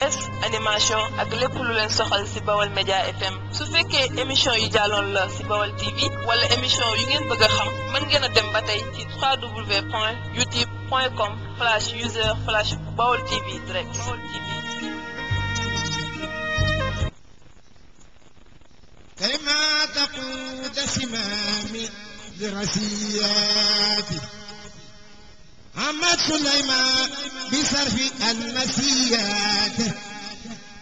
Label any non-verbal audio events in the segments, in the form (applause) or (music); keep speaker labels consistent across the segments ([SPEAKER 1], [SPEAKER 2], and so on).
[SPEAKER 1] s animation ak lépp lu leen soxal ci Bawol Média FM su fekkee émission yu jàlloon la ci Bawol TV wala émission yu ngeen bëgg a xam mën ngeen a dem ba tey ci www.youtube.com slash user slash Bawol TV direct كلما تقود سمامي لرسياتي Ahmad Souleymane bi sarfi al-masiyaat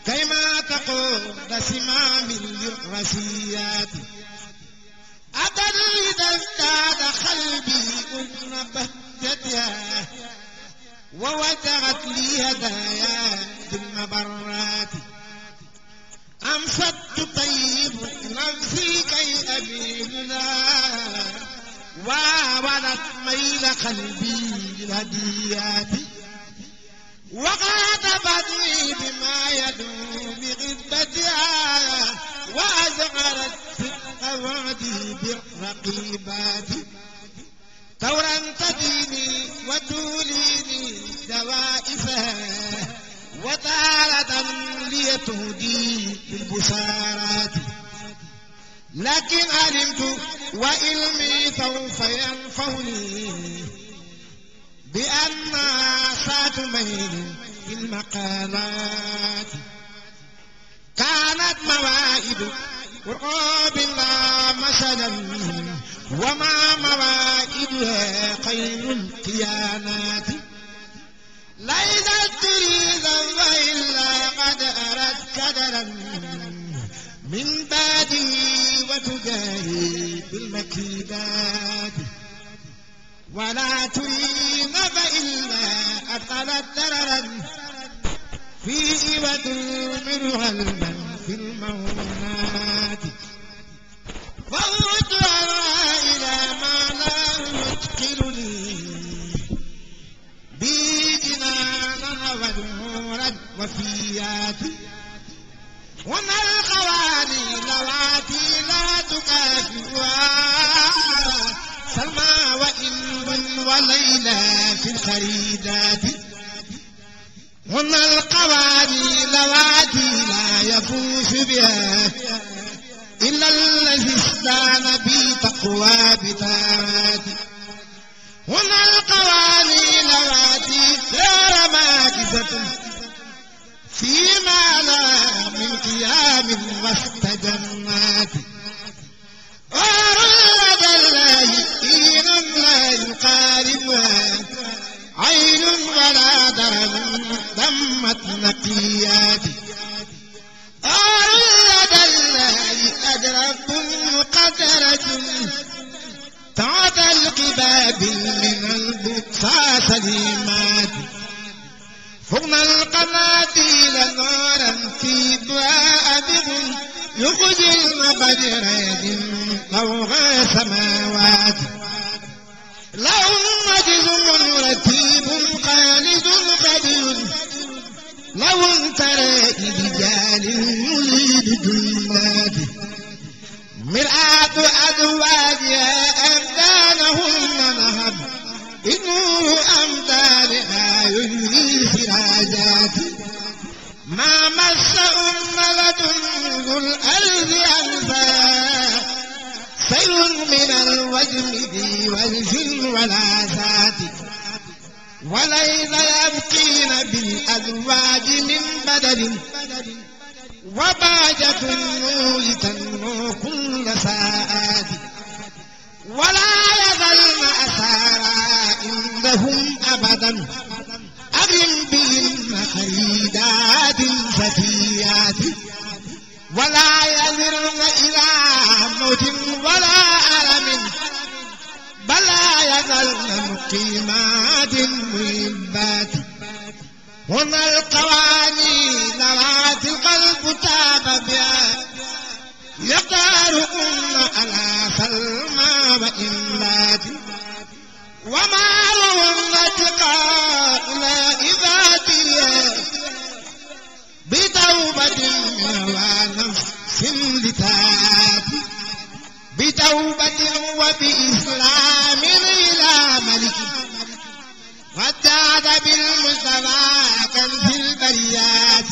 [SPEAKER 1] kayma taqud simaam al-rasiyaat adan idha izdaada qalbi huzna bahjatihaa wa wajjahat li hadaayaa bil-mabarraat أمسكت طيب نفسي كي أبيدها وولت ميل قلبي الهديات وخاطبتني بما يدوم بغبتها وأزغرت صدق وعدي بالرقيبات ثورا تديني وتوليني دوائفها وتارة ليتهدي بالبشارات لكن علمت وإلمي سوف ينفعني بأن سات مين في المقالات كانت موائد وقاب لا مثلا وما موائدها خير الكيانات ليست تريد إلا قد أرت كدرا من بعدي وتجاهي بالمكيدات ولا تريم فإلا أثقلت دررا فيه وتؤمنها المن في المولات فارجعها إلى ما لا يتقنني بي جنانا ونورا وفياتي وما القوانين لواتي لا تكافئها سلمى وإن وليلى في الخريدات هن القواني لواتي لا يفوز بها إلا الذي استان بي تقوى بتاعاتي هن القواني لواتي غير ماكسة فيما لا من قيام واستجماتي وأراد الله دينا لا يقاربها عين ولا درن دمت نقيات أراد الله أدركم مقدرة تعت القباب من البطاس لمات فغنا القناديل نارا في دعاء بهم يخزي المقدر يدم فوق السماوات له مجد مرتيب خالد قدير له انترى برجال يريد جنات مرآة أزواجها أبدانهن نهب إنه أمدانها يجري سراجات ما مسهم ملد ذو الألف أنفا سير من الوجم ذي والفل والآسات وليل يبقين بالأزواج من بدل وباجة النور تنمو كل ساعات ولا يزلن أثارا عندهم أبدا أرم بهن خريدات فتيات ولا يذرن إلى موت ولا ألم بلا يذلن مقيمات محبات هنا القوانين رات القلب تاب بها يقارئن على سلمى وإملاتي وما روى اعتقادنا إذاتيا بتوبة ونفس لتاب بتوبة وبإسلام إلى ملك وداد بالمصطفى كنز البريات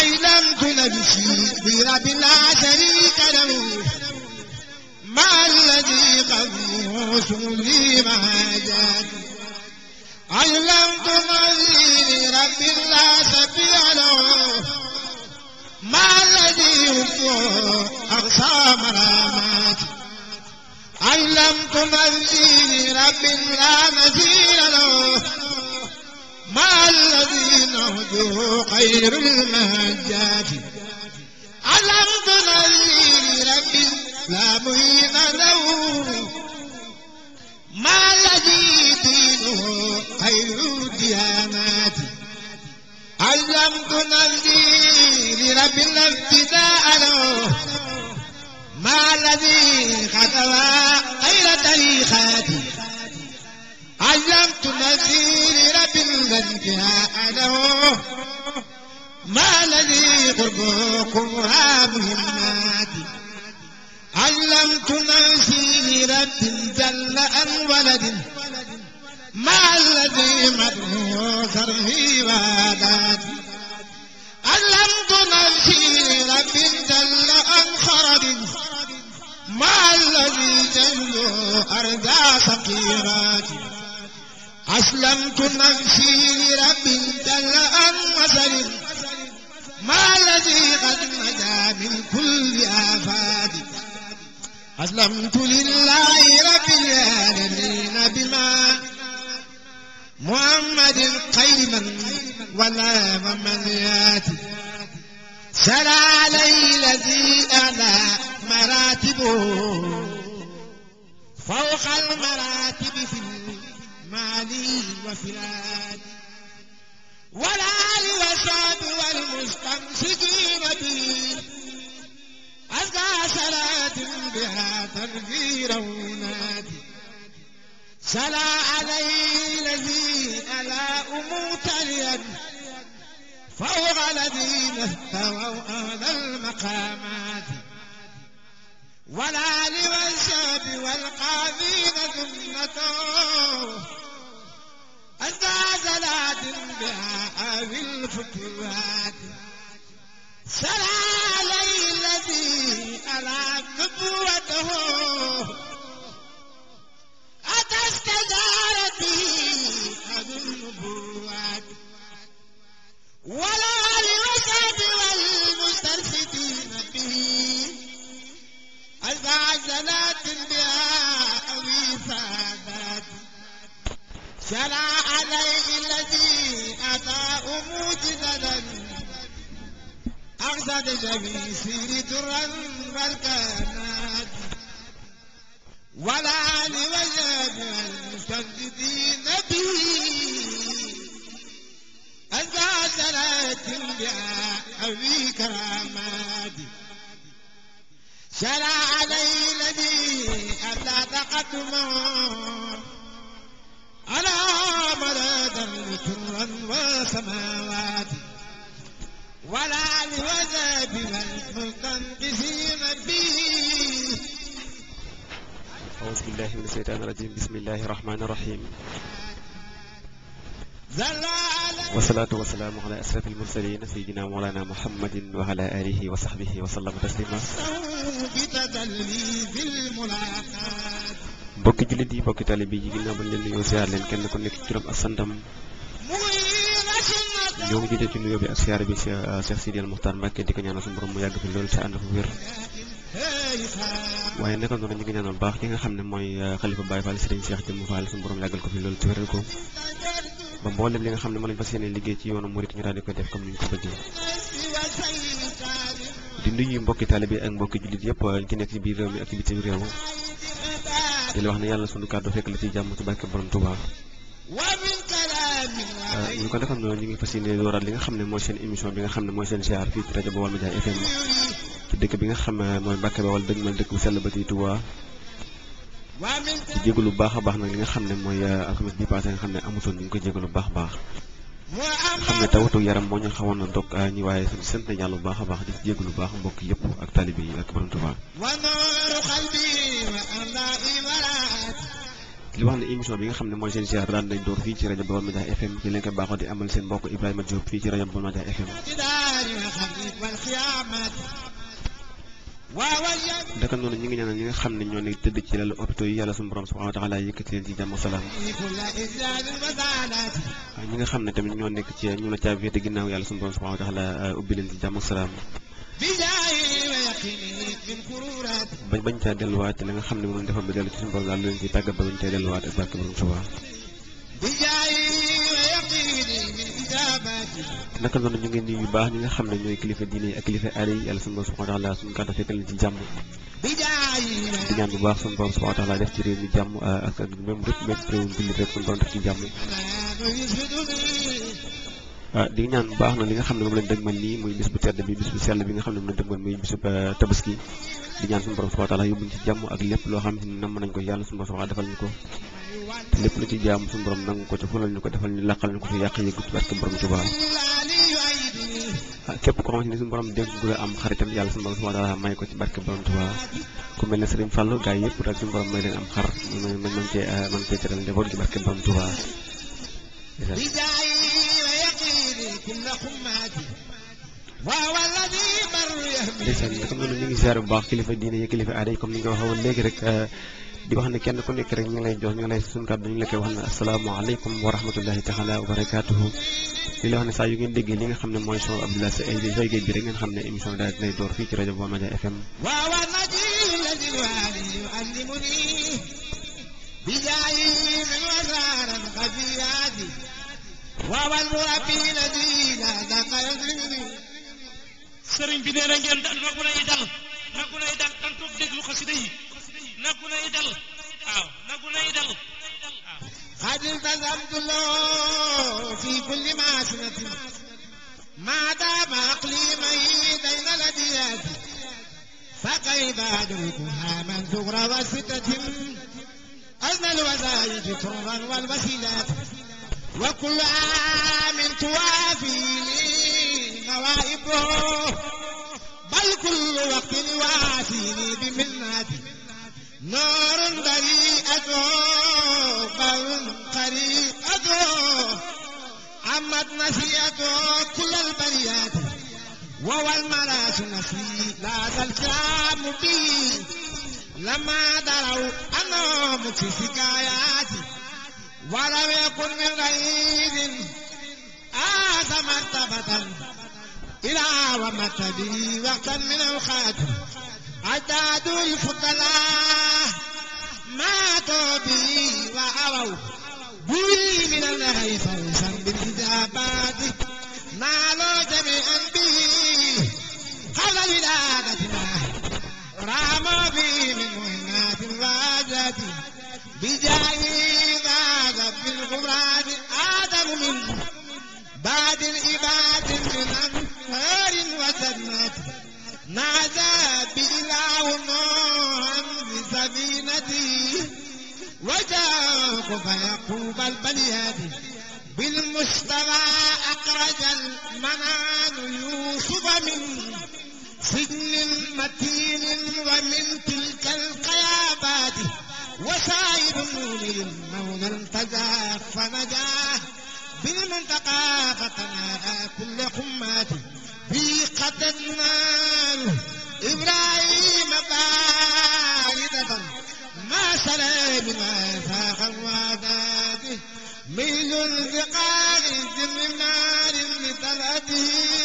[SPEAKER 1] أيلمت نفسي برب لا شريك له مع الذي قبله سلي مهاجات علمت مالي لرب لا سبيع له مع الذي هو أقصى مرامات علمت مالي لرب لا نزيل له مع الذي نهجه خير المهجات علمت نذير ربي لا مهين له ما الذي دينه خير الديانات علمت نذير ربي لا ابتداء له ما الذي خطوى غير تاريخاتي علمت نذير ربي لا انتهاء له ما الذي قربكم همات علمتنا سيرة جل أن ولد ما الذي مدعو صرفي وادات علمتنا سيرة جل أن خرد ما الذي جل أرجى فقيراتي أسلمت نفسي لرب جل أن وسلم الذي قد نجا من كل آفات أسلمت لله رب العالمين بما محمد قيما ولا ممنياتي سلا علي الذي أنا مراتبه فوق المراتب في المعلي وفي الآدي والآل والصحب والمستمسكين به أزكى صلاة بها تنفير ونادي صلى عليه الذي ألا أموتليا فوق الذين اهتووا أهل المقامات والآل والصحب والقاضين ذمته أنت زلات بها في الفتوات سرى علي الذي أرى كبوته أتى استدار به أبو النبوات ولا للأسد والمسترشدين به أربع زلات بها أوي فادات جرى عليه الذي أتى موجدا أغزد جبيسي درا مركانات ولا لوجد المستمدين به أزاد ثلاث
[SPEAKER 2] بأبي
[SPEAKER 1] كرامات شرع عليه الذي أتى تقدمه على مدد وسرا وسماوات ولا لوزاب والمستنقذين به
[SPEAKER 2] أعوذ بالله من الشيطان الرجيم بسم الله الرحمن الرحيم wasalaatu wasalaamu ala asraf almursalin sayidina moolana muhammadin wa ala alihi wa sahbihi wa sallama taslima bokki jullit yi bokki tali bi yi ginnaaw bañ leen nuyoo siyaar leen kenn ku nekk ci turam ak santam ñoo ngi jotee ci nuyoo bi ak siyaar bi euh, ko mu yàgg fi loolu sa ànd fu wér waaye naka noonu ñu ngi baax ki nga xam ne mooy euh, xalifa Baye Fall Serigne Cheikh Jëmm Fall suñu borom yàggal ko fi loolu ci wéral ko ba mboolem li nga xam ne moo nañ fas yéene liggéey ci yoonu murit ñu daal di koy def comme ñu ko bëggee di nuyu mbokki tali bi ak mbokki jullit yëpp euh, ci nekk ci biir réew mi ak ci bitim réew di wax ne yàlla sunu kàddu fekk la ci jàmm ci barke borom Touba. Euh, ñu ko defal noonu ñu ngi fas yéene dooraat li nga xam ne mooy seen émission bi nga xam ne mooy seen ziar fii ci rajo Baol Média FM ci dëkk bi nga xam mooy Mbacke Baol dëgg ma dëkk bu sell ba ci Touba di jégalu bu baax a baax nag li nga xam ne mooy euh, alxames bi passé nga xam ne amutoon ñu ngi ko jégalu bu baax a baax xam ne tawatu yaram moo ñu xawoon na dog ah, ñi waaye sant sant nañu yàlla bu baax a baax di jégg lu baax mbokk yëpp ak taalibe yi ak borom Tuubaa li wax ne émission bi nga xam ne mooy seen ziar daan nañ door fii ci rajo Baol Medias FM di leen ko baaxoo di amal seen mbokk Ibrahima Diop fii ci rajo Baol Medias FM daka noonu ñu ngi na ñi nga xam ne ñoo ne tëdd ci lalu hôpitaux yi yàlla suñu borom subhanahu wa taala yëkkati leen ci jàmm salaam ñi nga xam ne tamit ñoo nekk ci ñu la caabi te ginnaaw yàlla suñu borom subhanahu wa taala uh, ubbi leen ci jàmm salaam bañ bañ caa delluwaat la nga xam ne moom defal ba dellu ci suñu borom daal lu leen ci tàggat ba bañ caa delluwaat ak barke borom Tuubaa naka noonu ñu ngi nuyu bu baax ñi nga xam ne ñooy kilifa diine ak kilifa aada yi yàlla suñu borom subhanahu wa taala suñu kàddu fekkal ci jàmm di ñaan bu baax suñu borom subhanahu wa taala def ci réew mi jàmm ak ak même rek même réewum jullit rek suñu borom def ci jàmm Ah, di ñaan bu baax na li nga xam ne moom lañ dëgmal nii muy bis bu tedd bi bis bu sell bi nga xam ne moom lañ dëgmal muy bisu eh, tabaski di ñaan suñu borom subhanahu wa taala lépp loo xam ne namm nañ ko yàlla suñu borom subhanahu defal ñu ko te lépp lu ko ci fulal ñu ko defal ñu ko fi yàq yëggu ci barke borom ci baax ah, képp ko xamante ni suñu borom dégg yàlla suñu borom subhanahu ko ci barke borom ci baax ku mel ne Serigne Fallou gars yi yëpp rek suñu man man cee eh, man cee teral borom ci
[SPEAKER 1] بداعي ويقيني كل حماتي وهو الذي بر يهمي ndeysaan nga xam ne ñu ngi
[SPEAKER 2] ziar bu baax kilifa diine yi kilifa aada yi comme ni nga waxee woon léegi rek euh, di wax ne kenn ku nekk rek ñu ngi lay jox ñu ngi lay suñu kàddu ñu ngi la koy wax ne asalaamaaleykum wa rahmatullahi taala wa barakaatuhu li la wax ne saa yu ngeen déggee li nga xam ne mooy son Abdoulaye Sa ay Zoygué bi rek ngeen xam ne émission daal dinay door fii ci rajo Baol Medias FM
[SPEAKER 1] بجاهي من وزارة خفياتي وابن ربي الذي لا دق يدركني sëriñ bi nee na ngeen dal nagu lay dal nagu lay dal tan toog déglu xasida yi nagu lay dal waaw nagu lay dal قد التزمت له في كل معصية ما دام عقلي ميتين لدياتي فكيف أدركها من ثغرة وستة أذن الوظائف طرا والوسيلات وكل عام توافيني نوائبه بل كل وقت وافيني بمناتي نار بريئة قول قريئة عمت نسيئة كل البريات وهو المراس نسي لا تلتام به لما دروا الكلام في حكاياتي ولم يكن من غير آت مرتبة إلى ومت به وقتا من الخاتم عداد الفضلاء ماتوا به وأروا به من الله فوزا بالإجابات نالوا جميعا به قبل ولادتنا رام به من مهم الغازات بجاه غاز في الغمرات آدم منه بعد الإباد من أنهار وسنات نادى بإله نوحا بسفينته وجاء فيقوب البليات بالمشتبى أخرج المنان يوسف منه سجن متين ومن تلك القيابات وسائر نور مولى انتزع فنجاه بالمنتقى فتناهى كل قمات في قد النار إبراهيم باردة ما سلى بما فاق وعداده ميل الرقاع ذم نار لثلاثه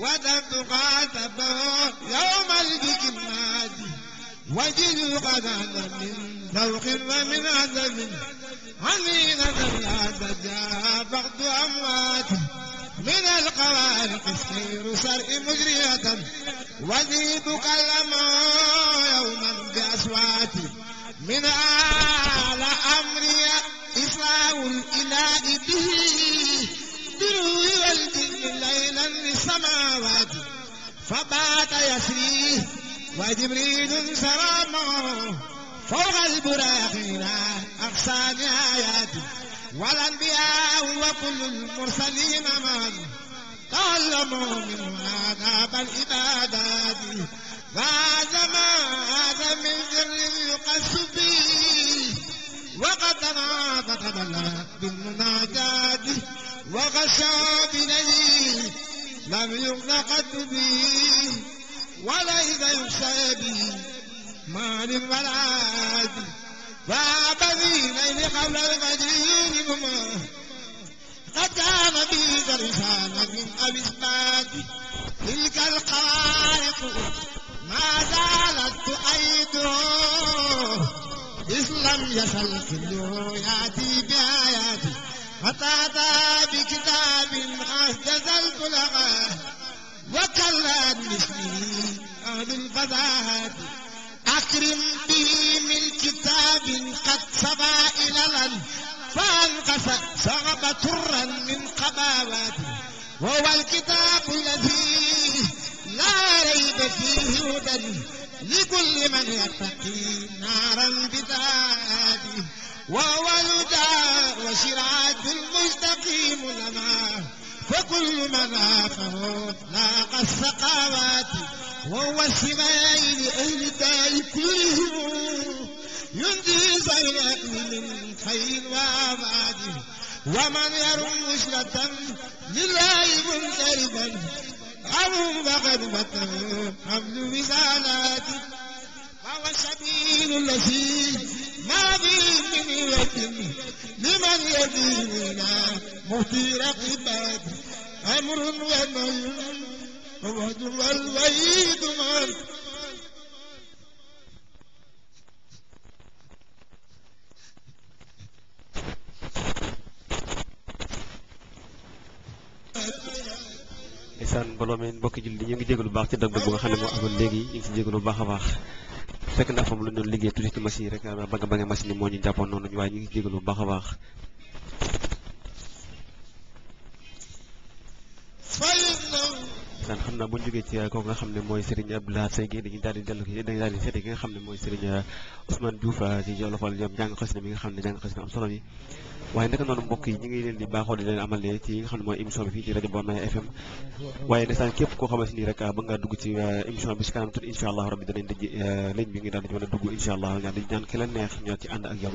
[SPEAKER 1] ودرت قاتبه يوم الجماد وجد قدانا من ذوق ومن عدم عليلة لا تجا بعد أموات من القوارق السير سرء مجرية وزيد كلمه يوما بأصوات من أعلى أمري إصلاح الإله به بالدروي والجن ليلا للسماوات فبات يسريه وجبريل سلامه فوق البراقنا أحسان آياته والأنبياء وكل المرسلين معه تعلموا من آداب العبادات بعد ما هذا من ذر يقص به وقد نعاد قبل بالمناجات وغشى بنبي لم يغن قد به وليس يغشى به مال الملعاد فاب ذي ليل قبل المجرين هما قد كان به درسانا من ابي اسماك تلك الخلائق ما زالت تؤيده إذ لم يزل كله يأتي بآياته أفاضا بكتاب أهجز البلغاء وكلا مثله أهل الفضاء أكرم به من كتاب قد سبا إلى فأنقص صعب ترا من قباوات وهو الكتاب الذي لا ريب فيه هدى لكل من يتقي نارا بذاته وهو الهدى وسراج مستقيم لنا فكل من آخر لاقى السقاوات وهو السمايل أهل داء كلهم ينجي زينك من خير وآباد ومن يرم مشلة لله منقلبا عمهم فقد بطل حمل وزالات فهو السبيل الذي ما بي من يتم لمن يديننا مفتي رقبات أمر ونهي فوهد والويد مال
[SPEAKER 2] ndeysaan mbooloo mi mbokki julli ñu ngi jégalu baax ci dog dog bu nga xam ne moo amoon léegi ñu ngi ci jégalu bu baax a baax fekk na fam lu ñu doon liggéey tuuti ci machine yi rek ba nga ba nga machine yi moo ñu jàppoon noonu waaye ñu ngi jégalu baax a baax daan xam naa bu ñu jógee ci uh, kooku nga xam ne mooy Serigne Abdoulaye Seye Gueye dañuy daal di dellu dañuy daal di seeti ki nga xam ne mooy Serigne uh, Ousmane Diouf uh, ci jolofal ñoom jàng xas na mi nga xam ne jàng xas na am solo yi waaye naka noonu mbokk yi ñu ngi leen di baaxoo di leen amalee ci nga xam ne mooy émission bi fii ci rajo Bamay FM waaye ndeysaan képp koo xamante ni rek bëgg ngaa dugg ci euh, émission bi si kanam tuuti incha allah rabbi danañ dëj euh, ligne bi ngi daal di mën a dugg incha allah ñaan di ñaan ki la neex ñoo ci ànd ak yow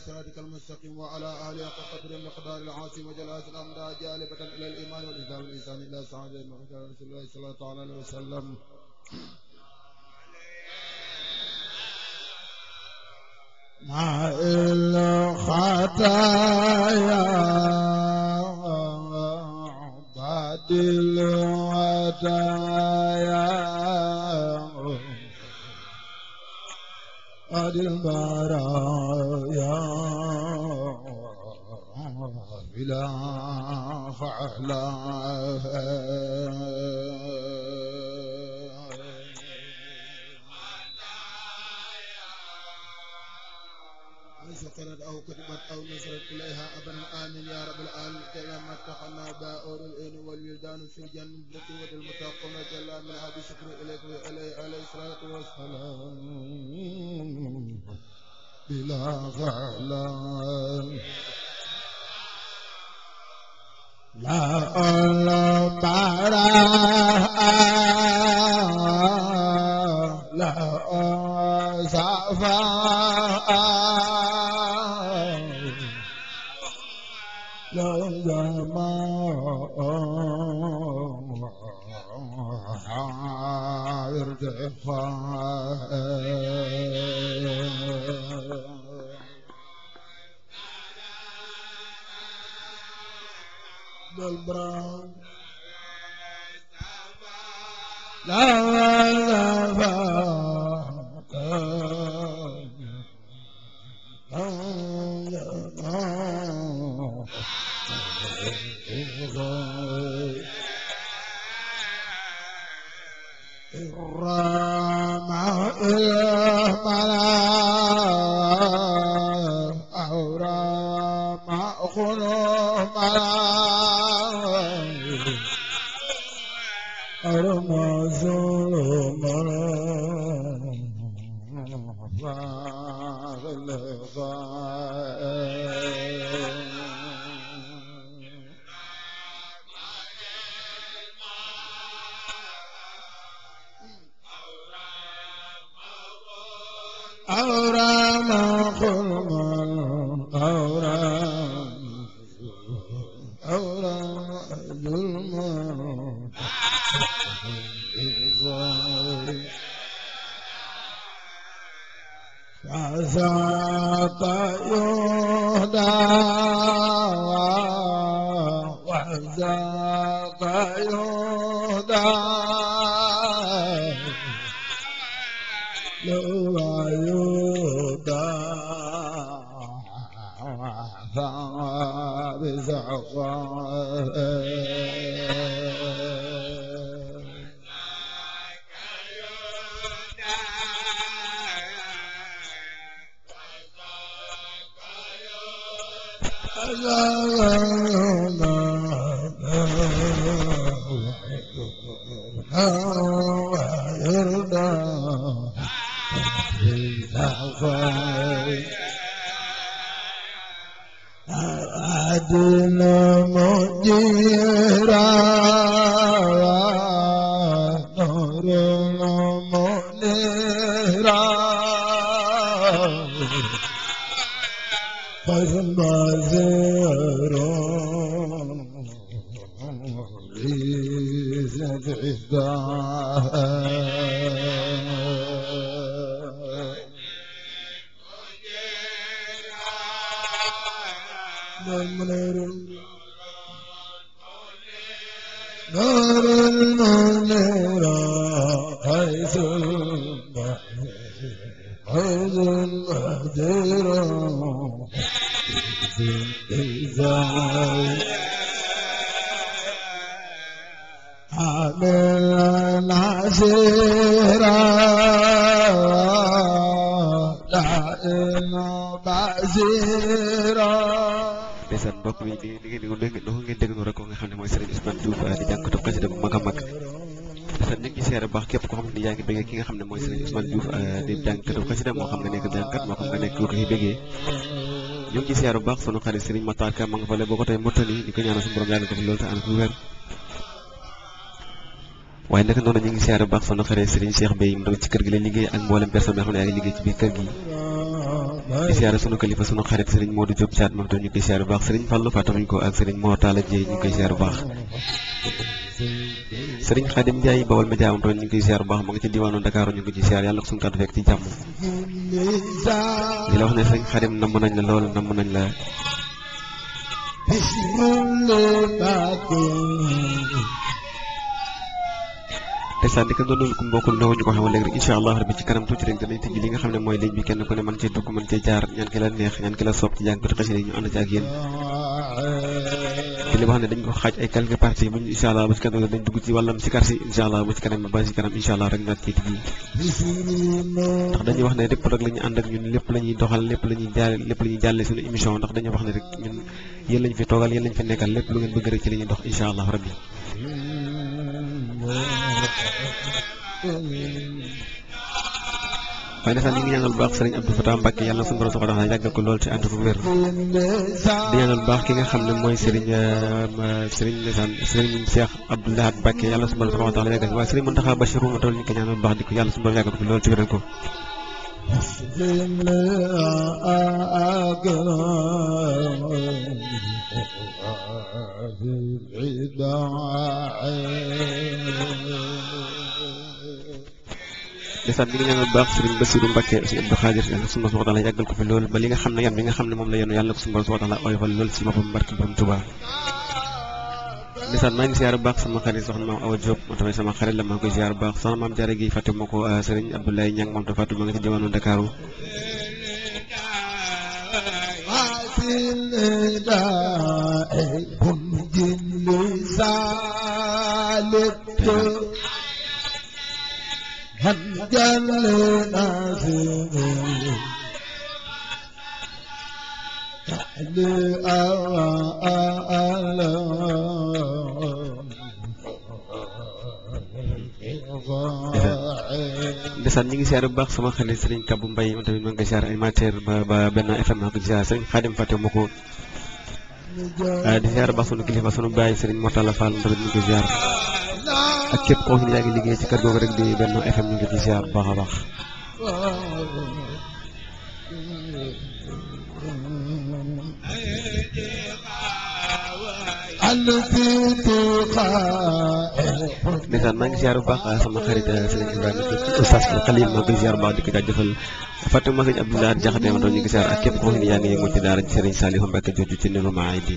[SPEAKER 1] على صراطك المستقيم وعلى أهل حق قدر المقدار العاصم وجلاس الأمداء جالبة إلى الإيمان والإسلام والإنسان إلا سعادة المحمد رسول الله صلى الله عليه وسلم مع الخطايا بعد الودايا قد سقلت أو كتبت أو نزلت إليها أبدا آمين يا رب العالمين كما اتقنا بائر الإن والولدان في الجنة والمتقون جل من هذا الشكر إليك وإليه عليه الصلاة والسلام بلا غلام la bara la safa وعلى
[SPEAKER 2] Serigne Matar Ka ma nga fale boo ko tey mottali di ko ñaanal suñu borom yàgg def loolu te ànd waaye naka noonu ñu ngi siyaare bu baax sunu xare Serigne Cheikh Bey mu doon ci kër gi la liggéey ak mboolem personne yoo xam ne yaa ngi liggéey ci biir kër gi di siyaare sunu kilifa sunu xarit Serigne Modou Diop bu baax Serigne Fallou fàttaliñ ko ak Serigne Mor Talla Dieye ñu koy siyaare bu baax sëriñ Xaadim Njaay bawal ma jaamam toon ñu koy ziar bu baax ma nga ci diwaanu Dakar ñu ngi ci ziar yàlla ko suñu kàddu fekk ci jàmm di la wax ne sëriñ Xaadim namm nañ la lool namm nañ la
[SPEAKER 1] ndeysaan
[SPEAKER 2] di ko doon ku mbokkul ndaw ñu ko xamal léegi rek incha allah rabbi ci kanam tuuti rek danañ tijji li nga xam ne mooy léegi bi kenn ku ne mën cee dugg mën cee jaar ñaan ki la neex ñaan ki la soob ci jàng bët xasida ne dañ ko xaaj ay quelques bu ñu incha allah ba ci kanam dañ dugg ci wàllam si karsi incha allah ba ci kanam ba ci kanam incha allah rek naat ci tijji ndax dañuy wax ne lépp rek la ñu ànd ak ñun lépp la ñuy doxal lépp la jàlle suñu émission ndax dañuy wax ne rek yéen lañ fi toogal yéen lañ fi nekkal lépp lu ngeen bëgg rek ci li ñuy dox incha allah rabbi
[SPEAKER 1] waaye
[SPEAKER 2] ndeysaan ñu ngi ñaanal bu baax sëriñ Abdou Fatah Mbacke yàlla na suñu borom ko lool ci ànd fu wér di ñaanal baax ki nga xam ne mooy sëriñ euh, sëriñ ndeysaan sëriñ Cheikh Abdou Lahad Mbacke yàlla suñu borom soxna yàggal waaye sëriñ Mountakha Bachir mu toll ñu ko ñaanal bu baax di ko yàlla suñu ci wéral ko ndeysaan mi ngi ñaanal baax Serigne Bassirou Mbacké si Abdou Khadir yàlla suñu borom taala yàggal ko fi lool ba li nga xam ne yan bi nga xam ne moom la yenu yàlla ko suñu borom taala oyofal lool si boppam barke borom Touba ndeysaan maa ngi ziar baax sama xarit soxna maam Awa Diop moom tamit sama xarit la maa ngi koy ziar bu baax soxna maam jaare gi fàtte ma ko euh, Serigne Abdoulaye Niang moom tam fàtte ma nga ci jamono Ndakaaru
[SPEAKER 1] ndeysaan
[SPEAKER 2] ñi ngi siyaare bu baax sama xarit Serigne Kabou Mbaye moom tamit ma nga siyaare animateur ba ba benn FM ak siyaare Serigne Khadim Faté moo ko di siyaare baax sunu kilifa sunu baay Serigne Mortala Fall moom tamit ñu ngi koy ak képp koo xam ne yaa ngi liggéey ci kër googu rek di benn FM ñu ngi koy bu baax a baax ndeysaan maa ngi ziar bu baax ah, sama xarit ah, Serigne Ibrahima ci oustaz Xalil maa ngi ziar bu baax di ko jaajëfal Fatima Serigne Abdoulaye Diakhaté ma doon ñu ngi ziar ak képp koo xam yaa ngi yëngu ci daara Serigne Saliou Mbacké jooju ci niru maa ngi ji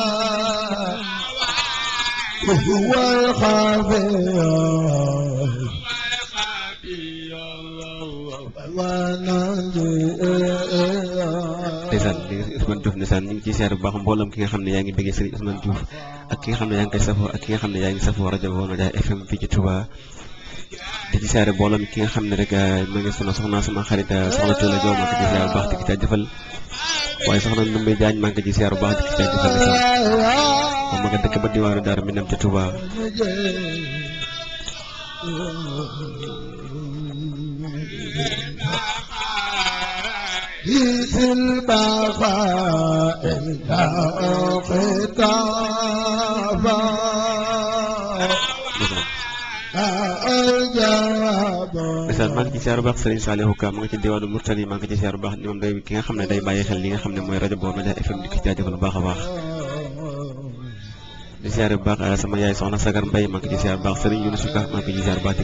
[SPEAKER 1] هو الخافي ndeysaan léegi Ousmane Diouf ndeysaan ñu ngi
[SPEAKER 2] bu baax mbooloom ki nga xam ne yaa ngi bëggee Serigne Ousmane Diouf ak ki nga xam ne yaa ngi koy ak ki nga xam ne yaa ngi safoo rajo Walwadia FM fii ci Touba di ci seer ki nga xam ne rek euh, ma ngi sama soxna sama xarit euh, soxna Thiola Diop ma ngi ci seer bu baax di ci jaajëfal waaye soxna Ndoumbé Diagne maa ngi ci seer bu baax di ci jaajëfal moom ma nga dëkk ba diwaanu Daaru Minam ca Touba.
[SPEAKER 1] في البغاء الخطافا ndeysaan maa ngi
[SPEAKER 2] ci siyaaru baax Serigne Saliou Ka ma nga ci diwaanu Mourtali maa ngi ci siyaaru baax ni moom day ki nga xam ne day bàyyi xel li nga xam ne mooy rajo boobu Média FM di ko jaajëfal baax a baax di ziare bu baax sama yaay soxna Sagar Mbaye baax Serigne Younou Souka maa ngi ci ziare bu baax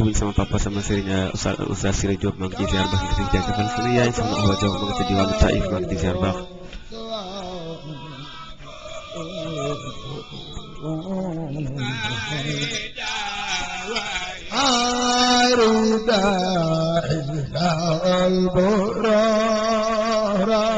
[SPEAKER 2] di papa sama Serigne euh, Oustaz Siré Diop maa ngi ci ziare baax di ko sama yaay soxna ci diwaanu Taïf maa ci ziare baax.
[SPEAKER 1] عارض حزب البرارة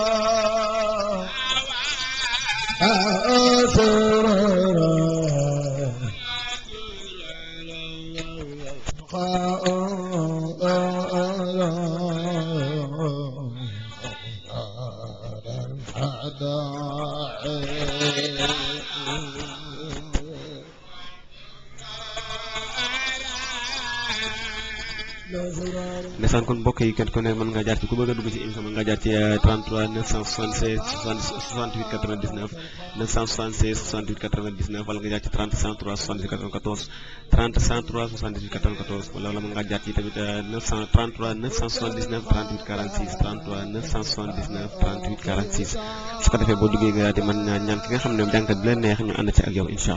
[SPEAKER 2] waxtaan kon mbokk yi kenn ku ne mën nga jaar ci ku bëgg a dugg ci émission mën nga jaar ci 33 976 68 99 976 68 99 wala nga jaar ci 30 103 78 94 30 103 78 94 wala wala mën nga jaar ci tamit 933 979 38 46 33 979 38 46 su ko defee boo duggee nga daal di mën ñaan ki nga xam ne jànkat bi la neex ñu ànd ci ak yow incha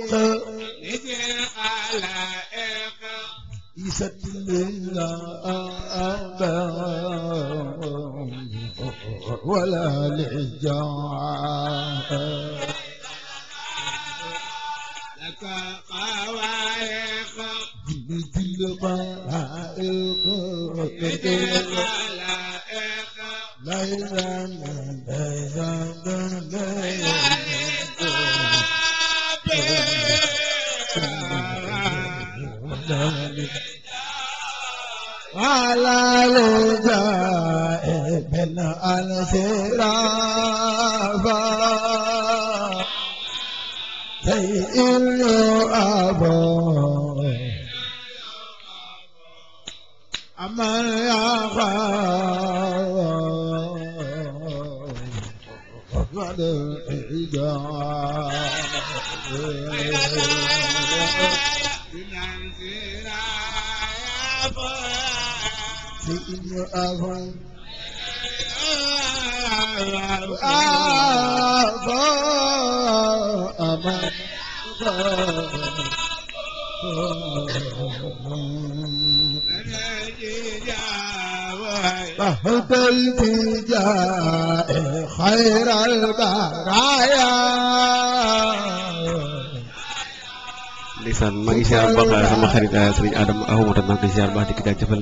[SPEAKER 2] ziar bu baax sama xarit ah, sëriñ Adama Awoumata ah, maa ngi koy ziar bu baax di ko jaajëfal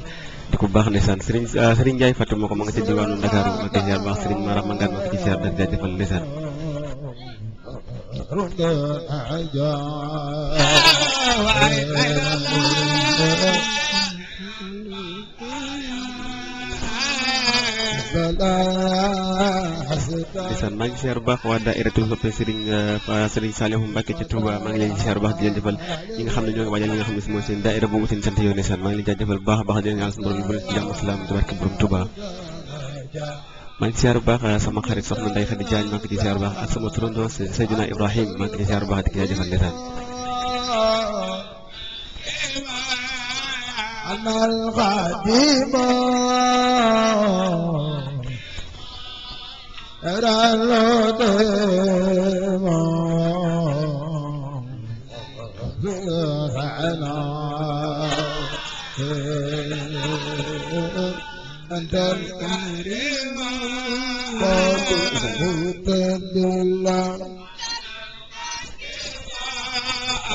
[SPEAKER 2] di ko baax ndeysaan sëriñ ah, sëriñ Ndiaye Fatou moo ko ma ca diwaanu Dakar maa ngi koy ziar bu baax sëriñ Mara Mangane maa ngi koy ziar di jaajëfal ndeysaan (laughs) ndeysaan maa ngi siyaar bu baax waa daayiratul soppe Serigne Serigne euh, Saliou Mbacke ci Touba maa ngi leen di siyaar bu baax di leen jëfal ñi nga xam ne ñoo ngi waajal li nga xam ne si mooy seen daayira boobu seen sant yow ndeysaan maa ngi leen di jëfal bu baax a baax di leen ñaan suñu borom bu leen siyaar bu baax euh, sama xarit soxna Ndeye Khady ci siyaar bu baax ak sama turandoo Seydina Ibrahim maa ngi ci siyaar bu baax di ko jaajëfal ndeysaan
[SPEAKER 1] أنا القديم أنا القديم أنا أنت الكريم قد الله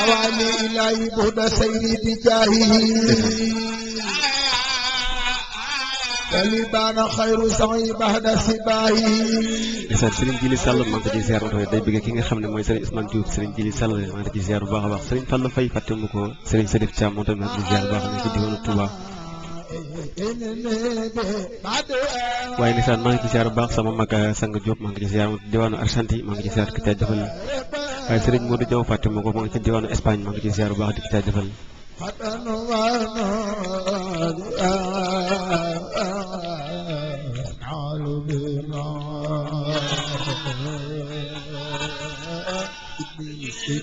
[SPEAKER 1] حوالي إلهي بهدى سيري بجاهه Talibaana xayru samay baxda sibaayi.
[SPEAKER 2] ndeysaan Serigne Djily Sall maa ngi ko ciy ziar day bëgg ki nga xam ne mooy Serigne Ousmane Diouf Serigne Djily Sall maa ngi ko bu baax a baax Serigne Fall Faye fàtte mu ko Serigne Sadif Thiam moo tamit maa ngi ko bu baax a baax ci diwaanu Touba. waaye ndeysaan maa ngi ci ziar bu baax sama mag euh, sang Diop maa ngi ci ziar diwaanu Argentine maa ngi ci ziar ki ca defal waaye sëriñ Modou Diaw fàtte ma ko maa ngi ci diwaanu Espagne maa ngi ci ziar bu baax di ki ca defal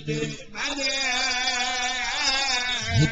[SPEAKER 1] Thank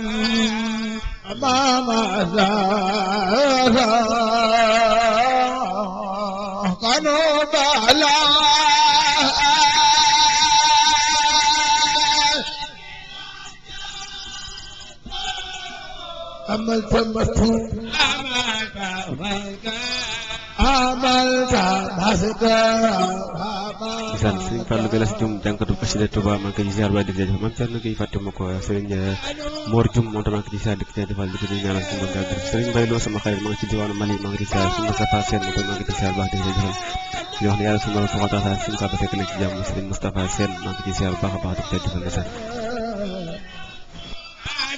[SPEAKER 1] أمام ذا كانوا بلا أما ثمة أما ثمة isaan sëriñ
[SPEAKER 2] Fallou Galas Dioum jànkatu xasida Touba maa ngi koy ziar waaye di ko jaajëfal maam Thierno Gueye fàtte eh, ma ko sëriñ Mor Dioum moom tam maa ngi ciy ziar di ko jaajëfal di ko di ñaanal si moom daal sëriñ Mbaye Lo sama xarit maa ngi ci diwaanu Mali maa ngi ciy ziar suñu Moustapha Sène ma koy maa ngi ciy ziar baax di ko jaajëfal di wax ne yàlla suñu borom subhanahu wa taala suñu papa fekk na ci jàmm sëriñ Moustapha Sène maa ngi ciy ziar bu baax a baax di ko jaajëfal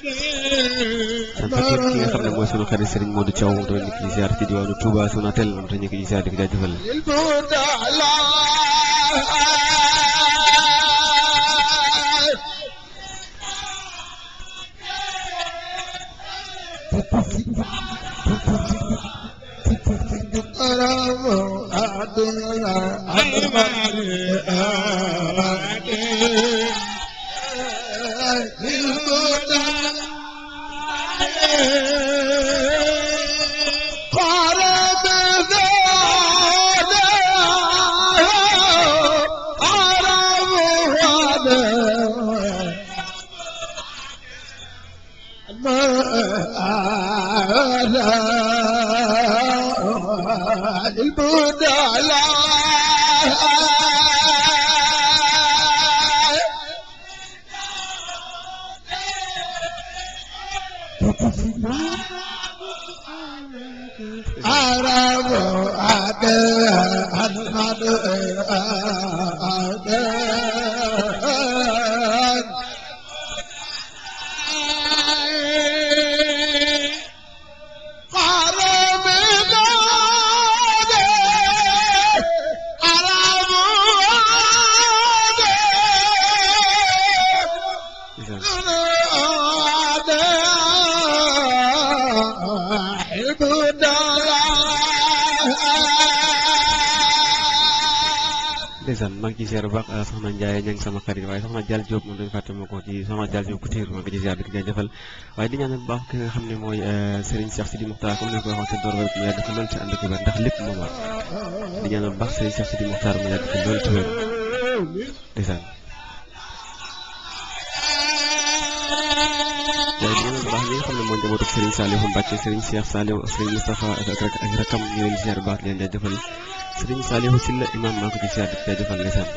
[SPEAKER 1] fekk ki nga xam ne mooy
[SPEAKER 2] sunu xarit Serigne Modou Thiaw moom tamit ñu ngi ciy ziar bu baax euh, soxna Ndiaye ña ngi sama xarit waaye soxna Dial Diop moom dañu fàtte ma ko ci soxna Dial Diop ku téer ma waaye di ñaanal bu baax ki nga xam ne mooy euh, Serigne Cheikh Sidi Mokhtar comme ko waxoon seen door ba mu yàgg fi loolu ci ànd ko wér ndax lépp moom war di baax Serigne Cheikh Sidi Mokhtar mu yàgg fi loolu ci wér ndeysaan waaye di ñaanal bu baax nga xam ne mooy njabootu Serigne Saliou Mbacke Serigne Cheikh Saliou Serigne Moustapha ak ak rakam ñu leen ziar sëriñ Saliou Sylla imaam maa ko ci siyaar di jaajëfal ndeysaan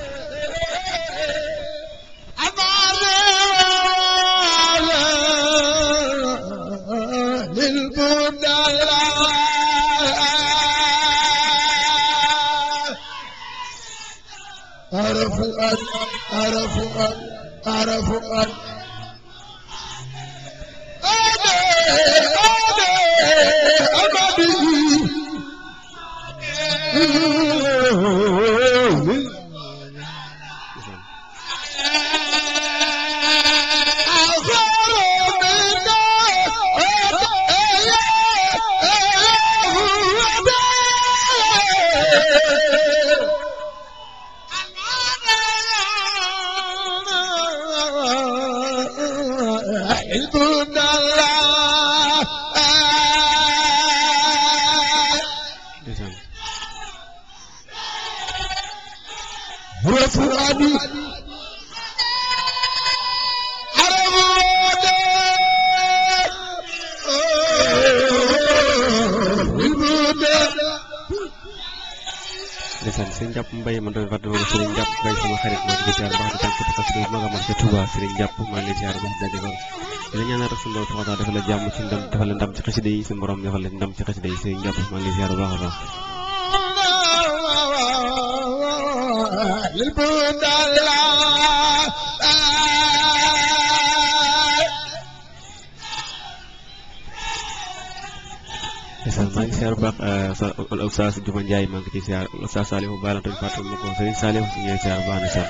[SPEAKER 2] Serigne Diap Mbaye man tamit fàttali ma ko Serigne Diap Mbaye sama xarit ma di ziar baax di tànk fas bi mag a mag ca Touba Serigne Diap maa ngi lay ziar baax di jaajëfal di la ñaanal suñu borom taxaw dafa la jàmm ci ndam dafa la ndam ci xasida yi suñu borom dafa la ndam ci xasida yi Serigne Diap maa ngi lay ziar baax a baax
[SPEAKER 1] للبندلة
[SPEAKER 2] maa ngi siyaar bu baax Oustaz Juma Ndiaye maa ngi ciy siyaar Oustaz Saliou Ba la tamit fàttali ma ko Serigne Saliou ñu ngi siyaar bu baax na siyaar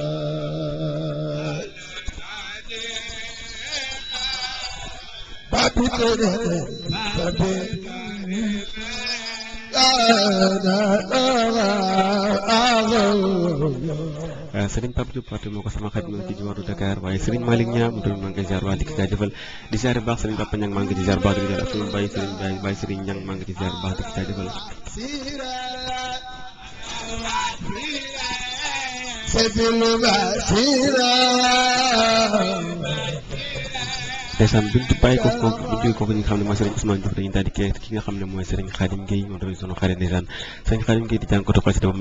[SPEAKER 1] Eh, papi terere sabe
[SPEAKER 2] sëriñ Pape Diop Pathé moo ko sama xaj ma ci diwaanu Dakar waaye sëriñ Malick Niang mu doon maa ngi koy ziar waa di ko jaajëfal di ziar bu baax baax di ko jaajëfal ak sama bàyyi sëriñ baax di ko jaajëfal sëriñ Ba ndeysaan bi ñu bàyyi ko di kee ki nga xam ne mooy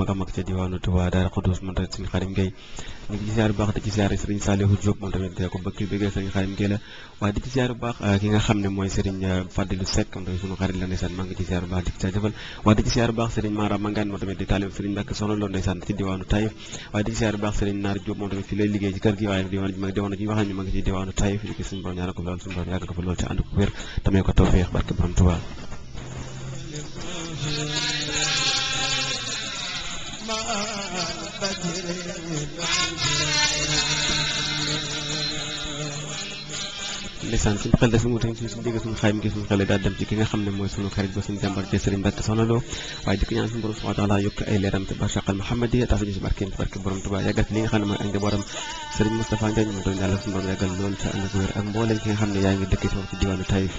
[SPEAKER 2] mag a mag ca diwaanu Touba Daara Khoudoss moom ñu ngi ci baax di ci ziar Serigne Saliou Diop moom tamit ko mbëkk bëgg Serigne Xarim Gueye la waaye di ci ziar bu baax euh, ki nga xam ne mooy Serigne euh, Fadilou Seck moom tamit sunu xarit la ndeysaan maa ngi ci ziar bu baax di ci jaajëfal waaye di ci ziar bu baax Serigne Mara Mangane moom tamit di taalim Serigne Mbacke waaye di ci ziar bu baax Serigne Naar Diop moom tamit fii lay liggéey ci kër gi waaye diwaan ji mag diwaan ji wax ñu ma ngi diwaanu Taïf ñu ko suñu borom ñaanal ko lool suñu borom yàgg ko
[SPEAKER 1] ndeysaan
[SPEAKER 2] suñu xel de fi mu teg suñu suñu dégg suñu xaay mi ngi suñu xel daal dem ci ki nga xam ne mooy suñu xarit ba suñu jàmbar ci sëriñ Mbàkke waaye di ñaan suñu borom subhanahu wa yokk ay leeram te barsaxal Muhammad yi tax ñu ci barkeem barke borom Tuubaa yàggal fi li nga xam ne mooy ak njabootam sëriñ Moustapha Ndiaye ñu doon yàlla suñu borom yàggal loolu te ak wér ki nga xam ne yaa ngi dëkk ci moom ci diwaanu Taïf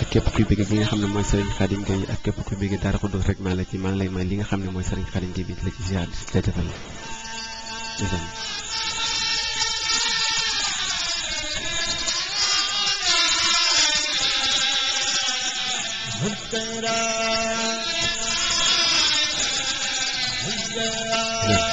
[SPEAKER 2] ak képp kuy bëgg bi nga xam ne mooy Serigne Khadim Gueye ak képp kuy bëgg Daara Khoudoss rek maa la ci maa ngi lay may li nga xam ne mooy Serigne Khadim Gueye bi la ci ziar di la defal Yeah.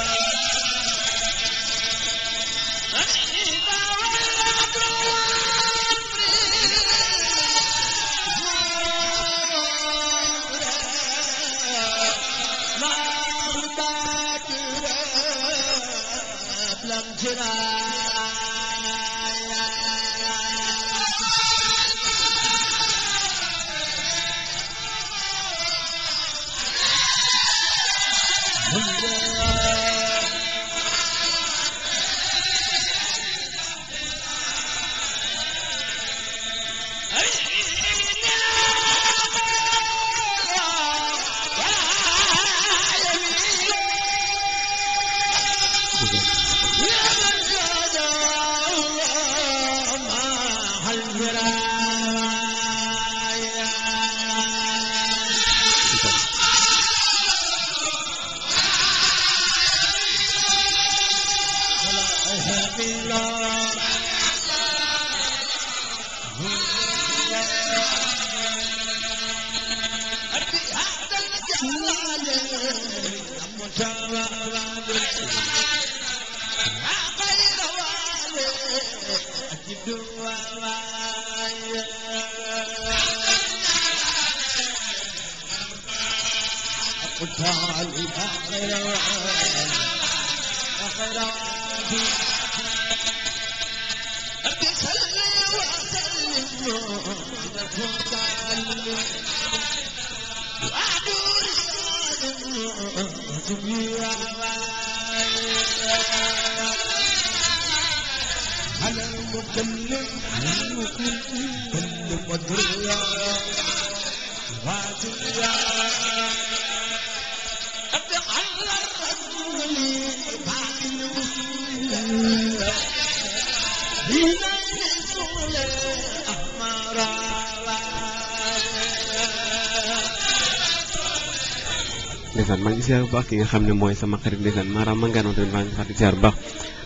[SPEAKER 2] ziar bu baax ki nga xam ne mooy sama xarit ndeysaan maanaam ma tamit maa ngi fàttali ziar bu baax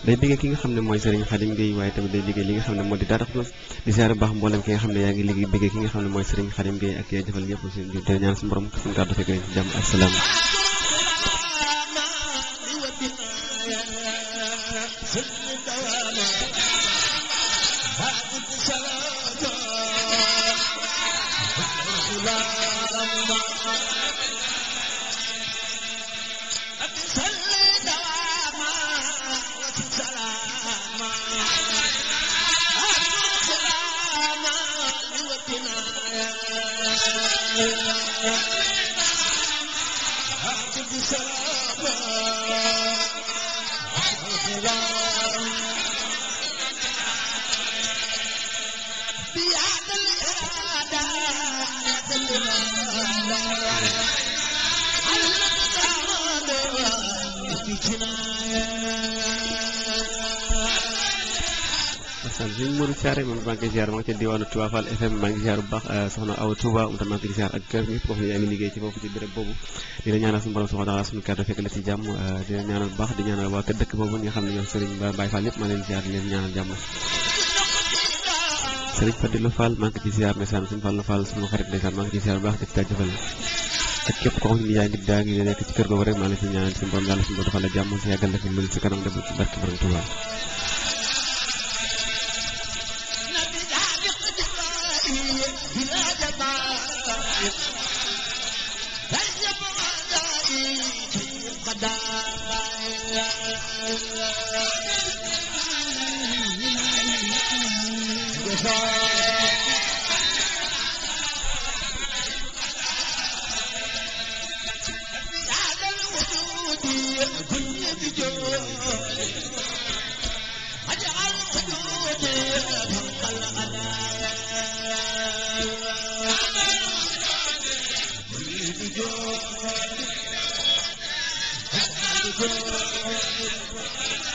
[SPEAKER 2] day bëggee ki nga xam ne mooy Serigne Khadim Gueye waaye tamit day bëggee li nga xam ne moo di daara xos di ziar bu baax mboolem ki mooy Serigne Xadim Gueye ak yaa jëfal yëpp seen biir ñaan su borom ko suñu kàddu fekk nañ ci jàmm ak sant suñ Modou Thiaré moom maa ngi koy ziar maa ngi ca diwaanu Touba Fall FM maa ngi ziar bu baax euh, soxna Awa Touba moom tam maa ngi ziar ak kër gi foofu ñu amee liggéey ci foofu ci béréb boobu di ñaanal suñu borom subhanahu wa ta'ala suñu kàddu fekk la ci jàmm euh, di ñaanal baax di ñaanal waa kër dëkk boobu ñi xam ne ñoom Serigne Baye Fall yëpp maa leen ziar leen ñaanal jàmm Serigne Fadilou Fall maa ngi ci ziar ndeysaan suñu Fallou Fall suñu xarit ndeysaan maa ngi ci ziar bu baax di ci jaajëfal ak képp ko xam ne yaa nekk ci kër googu rek maa ngi ci ñaanal suñu borom yàlla suñu la jàmm si yàggal la fi mën
[SPEAKER 1] si الجفاء سعد الوجود كل بجود اجعل وجودي فوق الغلايا سعد الوجود كل بجود اجعل وجودي فوق الغلايا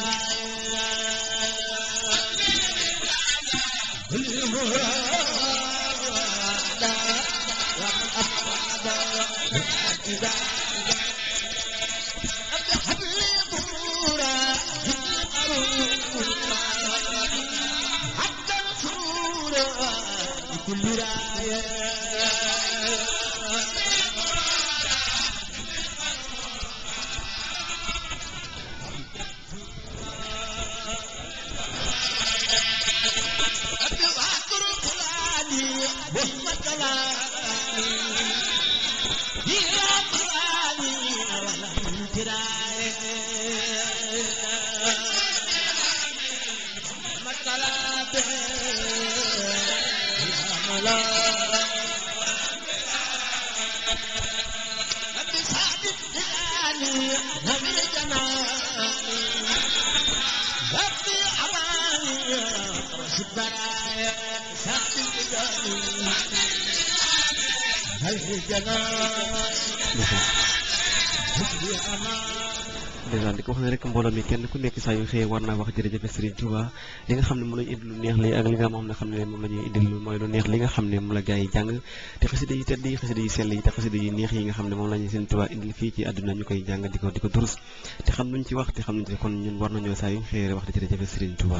[SPEAKER 2] dèjà di ko wax ne rek mbooloo mi kenn ku nekk saa yu xëyee war naa wax jërëjëf Serigne Touba li xam ne moom lu neex li ak li nga xam ne moom la ñuy mooy lu neex li nga xam ne moom la gars yi jàng te xasida yu tedd yi xasida yu sell yi te xasida yu neex yi nga xam ne moom la ñu Serigne Touba indil fii ci àdduna ñu koy jàng di ko durus te xam nuñ ci wax te xam nuñ ci kon ñun war nañoo saa yu xëyee wax di jërëjëf Serigne Touba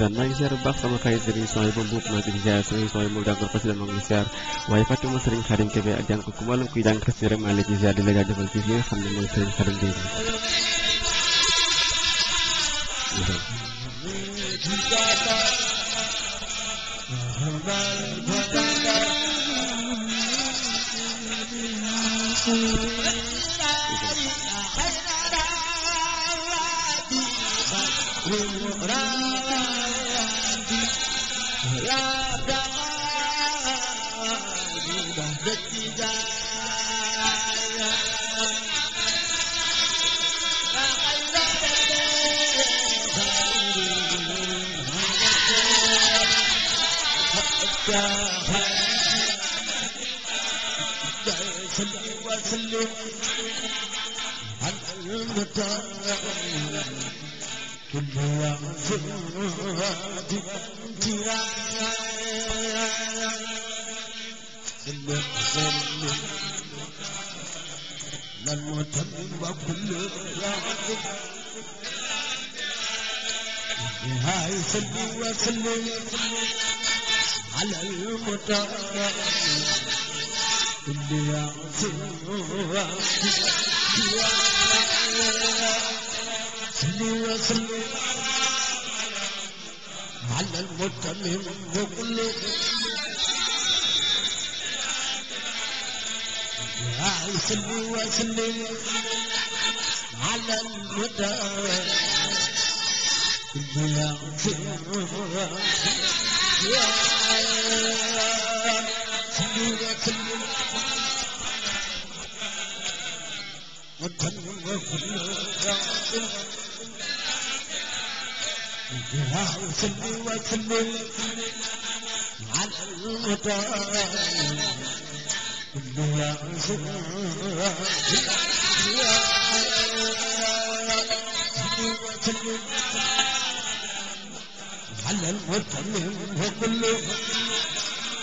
[SPEAKER 2] ndeysaan maa ngi siyaar bu baax sama xarit sëriñ son yi ba mbuub maa ngi siyaar sëriñ son yi mu jàngal xasida maa ngi siyaar waaye fàttewuma sëriñ Xadim Kebe ak jàng ko ku ma lam kuy jàng xasida rek maa ngi lay ci di la jaajëfal ci li nga xam ne mooy sëriñ Xadim Kebe
[SPEAKER 1] وسلم على المتابعين كل يوم في الوادي سلم سلم للمتم وكل يوم هاي سلم وسلم على المتابعين على المتمم مغلق يا سلي وسلم على المتمم يا يا وصلي وسلم على المدى كل يا على المتمم وكله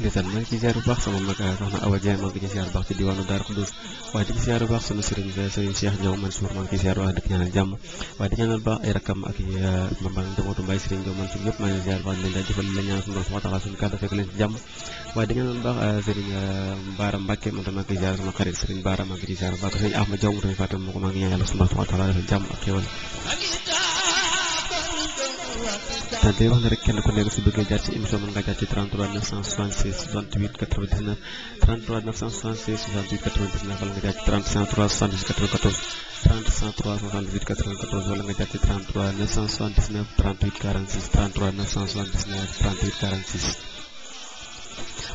[SPEAKER 2] ndeysaan maa ngi ciy ziar bu baax sama mag euh, soxna Awa Diagne maa ngi ciy ziar bu baax ci diwaanu Darou Khoudoss waaye di ci ziar bu baax sunu sëriñ euh, sëriñ Cheikh Diaw Mansour maa ngi ciy ziar bu baax di ñaanal jàmm waaye di ñaanal baax ay rakkam ak euh, mbambaan njabootu Mbaye sëriñ Diaw Mansour ñëpp maa ngi ziar bu baax di leen jaajëfal la ñaan sunu borom taala sunu kàddu fekk leen ci jàmm waaye di ñaanal baax sëriñ Baara Mbacke man tam maa ngi ciy ziar sama xarit sëriñ Baara maa ngi ciy ziar bu baax sëriñ Ahmad Diaw mu tamit fàtte ma ko maa ngi ñaan yàlla sunu borom taala defal jàmm ak xéwal tey wax na rek kenn ku nekk si bëggee jaar ci émission mën nga jaar ci 33 966 68 99 33 966 68 99 wala nga jaar ci 30 3 78 94 30 3 78 94 wala nga jaar ci 33 979 38 46 33 979 38 46.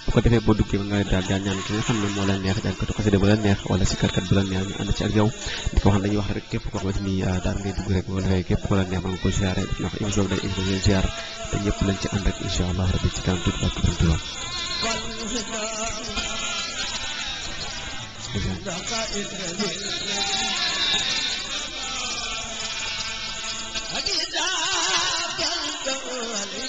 [SPEAKER 2] bu ko defee boo duggee nga daal daal ñaan ki nga xam ne moo la neex daal ko xasida bu la neex wala si karkat bu la neex ñu ànd ko wax rek képp koo xamante ni ah, daal ngay dugg rek ko defee képp ko la neex ko ziare ndax émission dañ émission leen ñëpp lañ ci ànd ak incha allah rabbi ci kanam tuuti barke
[SPEAKER 1] Sëriñ Tuubaa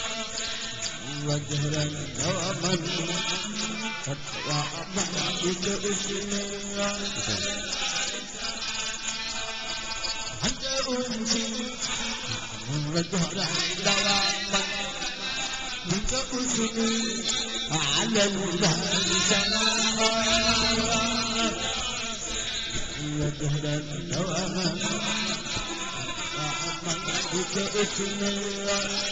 [SPEAKER 1] وجهلا دوما قد وأضحك باسمنا أنت أنسي وجهلا دوما منك أسمي على الله سلام وجهلا دوما وأضحك باسمنا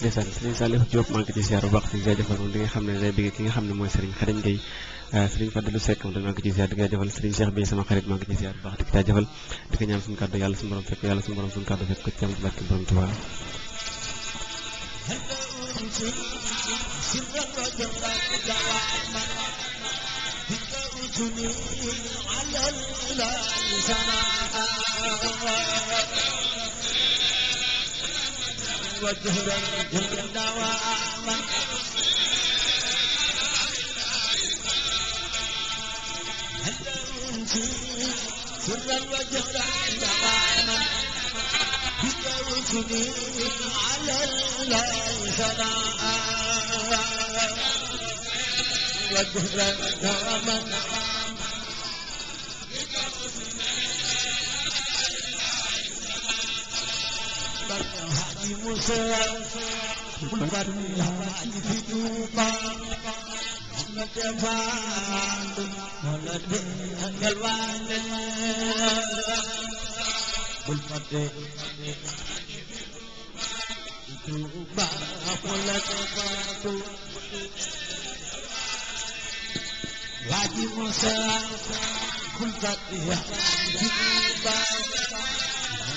[SPEAKER 2] ndeysaan sëriñ Saliou Diop maa ngi di ziar bu baax di jaajëfal moom di xam ne day bëgg ki nga xam ne mooy sëriñ Xadim Gueye ah, sëriñ Fadilou Seck moom maa ngi ci ziar di jaajëfal sëriñ Cheikh Bey sama xarit maa ngi ci ziar bu baax di ko jaajëfal di ko ñaan yàlla suñu borom fekk yàlla fekk ko ci am ci barke borom Tuubaa
[SPEAKER 1] وجهرا جلدا وأعمى سرا وجهرا وأعمى بك وجهي على الله ثناء وجهرا وأعمى Bul fàtte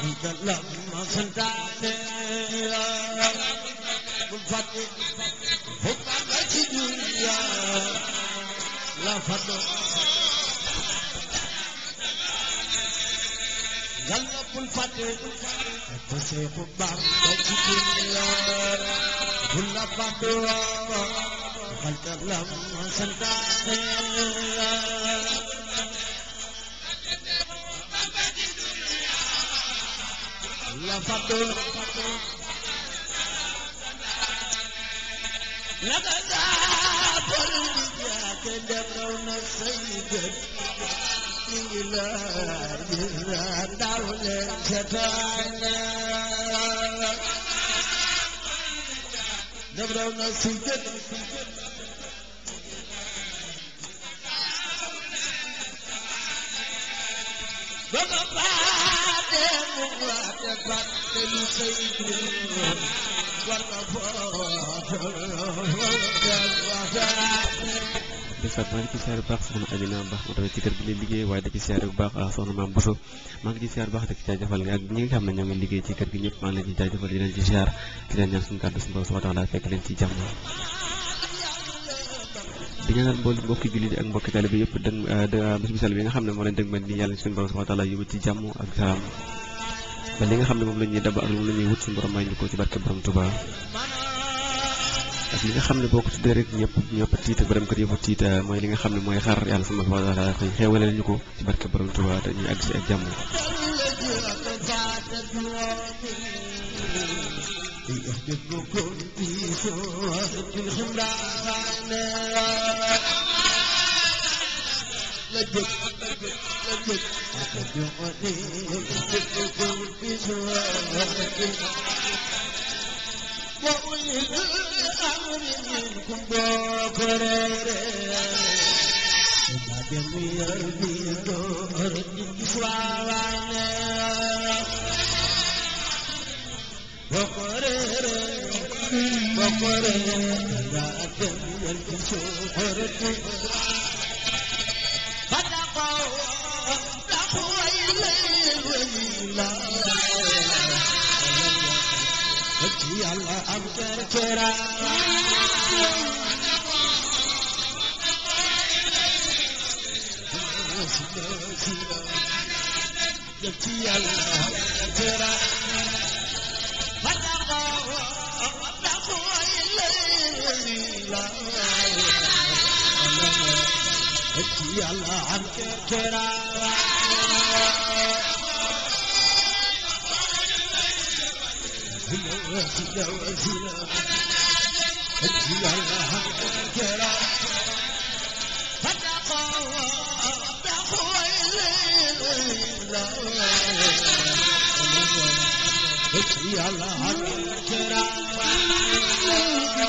[SPEAKER 1] dalam santane bul fàtte bokkam ci dunya la fàtte yàlla bul fàtte te see ko baax ci dunya bul la fàtte dalam santane la faddu laka saafal la jëraa ndaw leen setaane ndem na say gët ba sax maa ngi ci siyaar bu baax
[SPEAKER 2] soxna Amina baax mu tamit ci siyaar baax ah, soxna maam Bousso maa ngi ci siyaar bu baax dëkk jaajëfal nga ak ñi nga xam ne ñoo ngi liggéey ci kër gi ñëpp maa ngi leen ci jaajëfal di leen ci siyaar di leen ñaan suñu kàddu suñu borom subhanahu wa fekk leen ci jàmm di ñaanal mboolem mbokki jullit yi ak mbokki taalibe yëpp dan bis bi nga xam ne moo leen dëg mel xam ne moom la ñuy dab ak moom la ñuy wut suñu borom may ñu ko ci barke borom Tuba ak li nga xam ne boo ko tuddee rek ñëpp ñëpp tiit borom kër euh, mooy li nga xam ne mooy xar yàlla suñu borom subhanahu wa taala ko ci barke borom Tuba dañuy àgg si ak jàmm
[SPEAKER 1] في سورة الخمران لجد لجد أتدعوني بالسلطة في سورة وأولي الأمر منكم بكرر بعدم يربي دور النسوان بكرر وقرنا ذاك والكسوف ربي فلقوا نحو الوليمة اجي الله أبكر كرا يبكي الله أبكر كرا yàlla am teraanga yàlla am teraanga yàlla am teraanga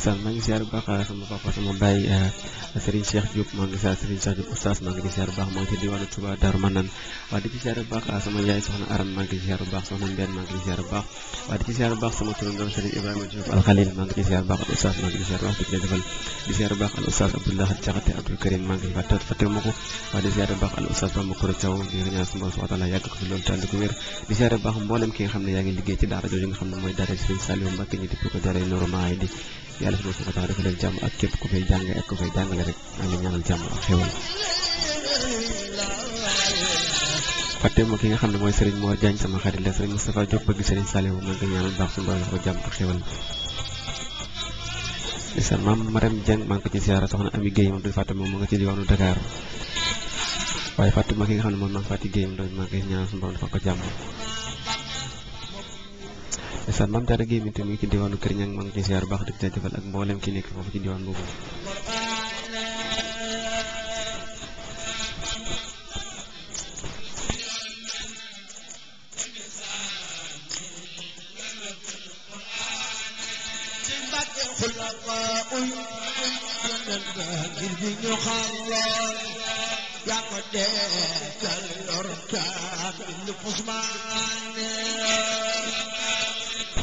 [SPEAKER 2] Sall maa ngi siyaar baax Al Khalil maa ngi ci baax Oustaz ma ko waaye di siyaar bu baax al Oustaz Bamba Koura Thiaw di ñaan sama borom subhanahu wa taala ki nga xam ne yaa liggéey ci daara jooju nga xam ne mooy daara Serigne Saliou Mbacké ñu di ko daara Nourou Mahaydi yàlla sunu subhanahu wa taala dafa leen jàmm ak képp ku fay jàngee ak ku fay jàngale rek maa ngi ñaanal jàmm ak xéwal fàtte ki nga xam ne mooy Serigne Mor Diagne sama xarit la Serigne Moustapha Diop bëgg Serigne Saliou maa ngi ñaanal baax suñu borom dafa jàmm ak xéwal isa maam Marème ko ci ziara soxna Ami Guèye moom du fàtte mu nga ci yoonu Dakar waaye fàtte ma ki nga xam ne mooy maam Fati Guèye ma maa ngi koy ñaanal suñu borom dafa ko jàmm ndeysaan maam Diarra Guèye mi tamit ci diwaanu Kër Ñang maa ngi siyaar baax di jaajëfal ak mboolem ki nekk foofu ci diwaan boobu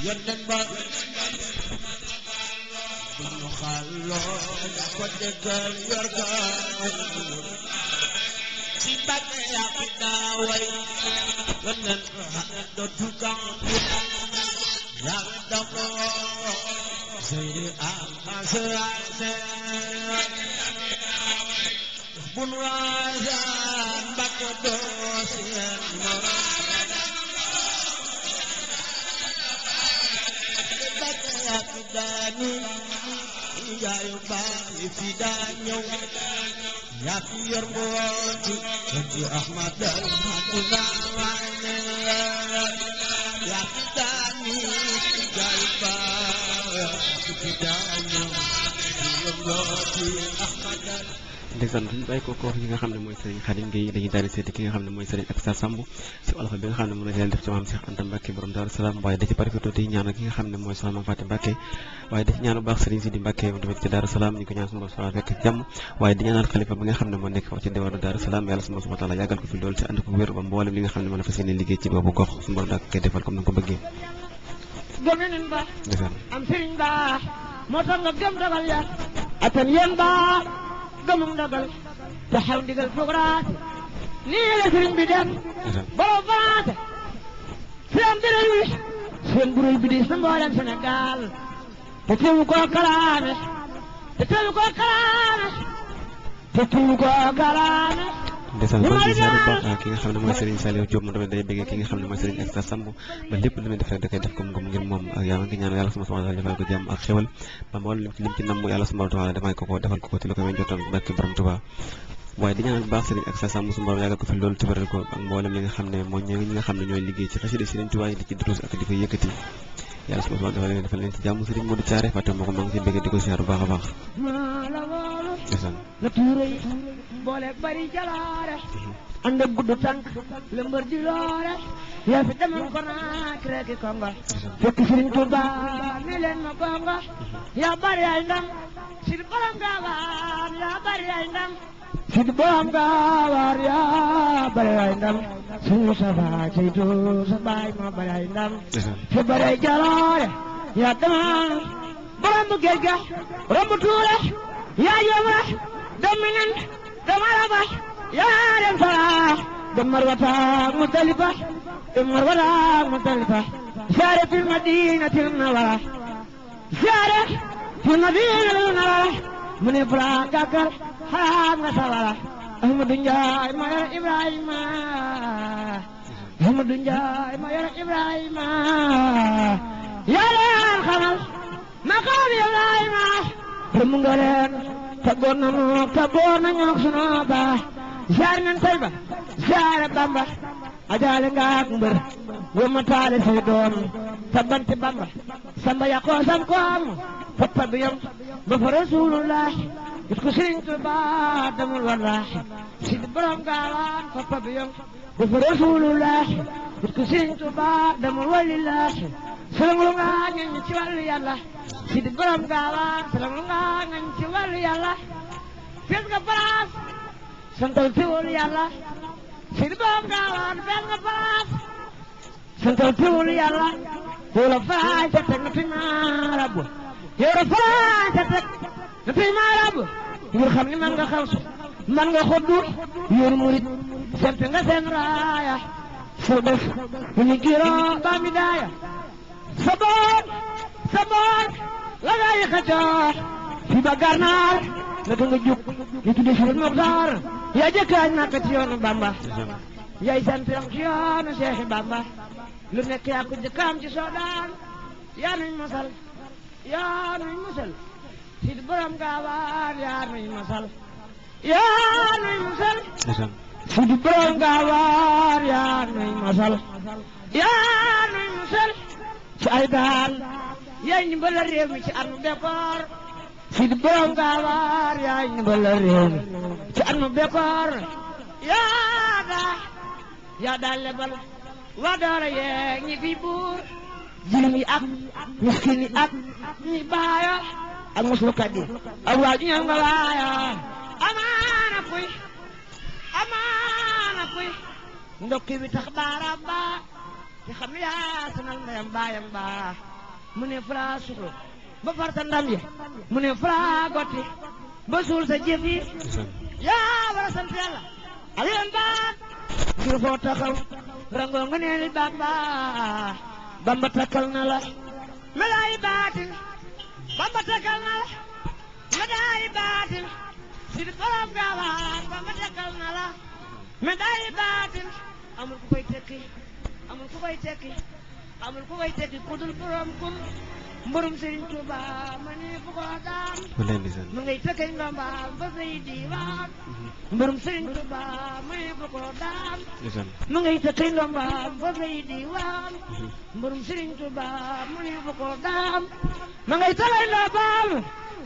[SPEAKER 1] yónneen ba bunu xàlloo da ko déggal yor gaal ci bàgg yàq naa way yónneen ba dootu gaaw yàlla dogoo sëy am assurance bunu waajal mbàkk doo si daani yaayu baay fi daa ñëw yaa fi yor mbooti ci Ahmad ku naawaane yaa fi daani yaayu baay fi daa ñëw yor mbooti Ahmad
[SPEAKER 2] ndeysaan Salaam da ci barkatoo di ñaanal ki ñu ko ñaan suma soxna fekk jàmm waaye di ñaanal xalifa bi nga xam ne moo nekk ci diwaanu Salaam yàlla suma subhanahu wa yàggal ko fi loolu ci ànd ko wér ba mboolem li nga xam ne mën a fas liggéey ci boobu gox su mborom daak koy defal comme ni ko bëggee
[SPEAKER 1] moo tax nga gëm dogal ya atan yéen ba gëmum dogal te xew ndigal fugraate nii la sëriñ bi dem boo faate seen biral wi seen burul bi di sa mboolem Sénégal te teewu koo kalaame te teewu koo kalaame te teewu koo kalaame
[SPEAKER 2] de kon di ziare ah, Samb ba lépp lu muy def rek yàlla suma sama defal ko defal ko ko defal ko ko ci lu ko may jotal barki borom Tuubaa waaye di ñaanal bu baax Serigne Extra Samb su mborom yàggal ko fi loolu tubéral ak mboolem li nga xam ne mooy ñi nga xam ne ñooy liggéey ci xasida Serigne Tuubaa yi di ci durus ak di ko yëkkati yàlla su ma defal leen defal leen ci jàmm sëriñ Modou Thiaré fàtte moo ko maa si bëgg di ko siyaar bu baax a baax. ndeysaan.
[SPEAKER 1] ànd ak gudd tànk la loore yaa fi demoon ko naak kongo fekk Sëriñ Tuuba mi ma kongo yaa bari ay ndam si borom gaawar yaa bari ay ndam si borom gaawar yaa bari ay ndam Sëriñ Musaa Seydu sa baay ma bari ay ndam fi bari ay jaloore yaa demoon borom géej ga romb tuure yaa yóbbu dem mi nen yaa dem faraax dem marwata muzdalifa dem marwata muzdalifa ziyaare fi madinati nawara ziyaare fi madinati nawara mu ne bura gàkkar xaar nga sawara Ahmadu Njaay ma yara Ibrahima Ahmadu Njaay ma yara Ibrahima yaa leen xamal maqaam Ibrahima rëmm nga leen tàggoon nañu tàggoon nañu sunu baa jaar nan koy ba jaara bamba ajaale ngaak mbër wama taale say doom sa bamba samba yaqoo sam koom foppa bi ba fa rasulullah it ko sëriñ Tuba damul wallahi si borom nga ngañ ci wàllu yàlla si borom gaawaan salanglu nga ngañ ci wàllu yàlla fes nga santal teewul yàlla a boom daawaan benn baat santal teewul yàlla e yow la faay ca teg na fi maa a yow la faay ca teg na fi maa rabb ngir xam ni man nga xalsu man nga xoddu yoon murit sant nga seen raaya soo def bu ñu ba mi daaya sa boor sa boor la ngay xëccoo fi ba gànnaar naka nga jóg ñu tuddee si leen Moxtaar yaa jëkkaañ Makka ci yoonu Bamba yaay santam ci yoonu Seexi Bamba lu nekk yaa ko jëkkaam ci soodaan yaa nuñ masal yaa nuñ masal si borom gaawaan yaa nuñ masal yaa nuñ masal si borom gaawaan yaa nuñ masal yaa nuñ masal ci ay daan yaay ñu mbala réew mi ci anu décor sid borom gaawaar yaa ñu balal réew mi ci at bekkoor yaa daa yaa daa lebal waa doora yeeg fi buur jirim yi ak miskin yi ak ñi baayo ak muslukat yi ak waa juñal nga amaana kuy amaana kuy ndokki bi tax baaraam baa te xam yaa sanal ndeyam baayam baa mu ne fala suxlu ba far sa ndam mu ne fulaa gotti suul sa jëf yaa war a sant yàlla aliyam baat ngir foo taxaw rangoo nga neeli baat baa bamba takkal na la bamba takkal na la medaayi baatin sid xalam gaawaan bamba takkal na la medaayi baatin amul ku tekki amul ku tekki amul ku kun mburum sëriñ Tuuba ma ne fu ko daan mu ngay tëkkay ndombaam ba say diiwaan mburum sëriñ Tuuba ma ne fu ko daan mu ngay tëkkay ndombaam ba say diiwaan mhm. mburum sëriñ Tuuba ma ne fu ko daan ma ngay tëkkay ndombaam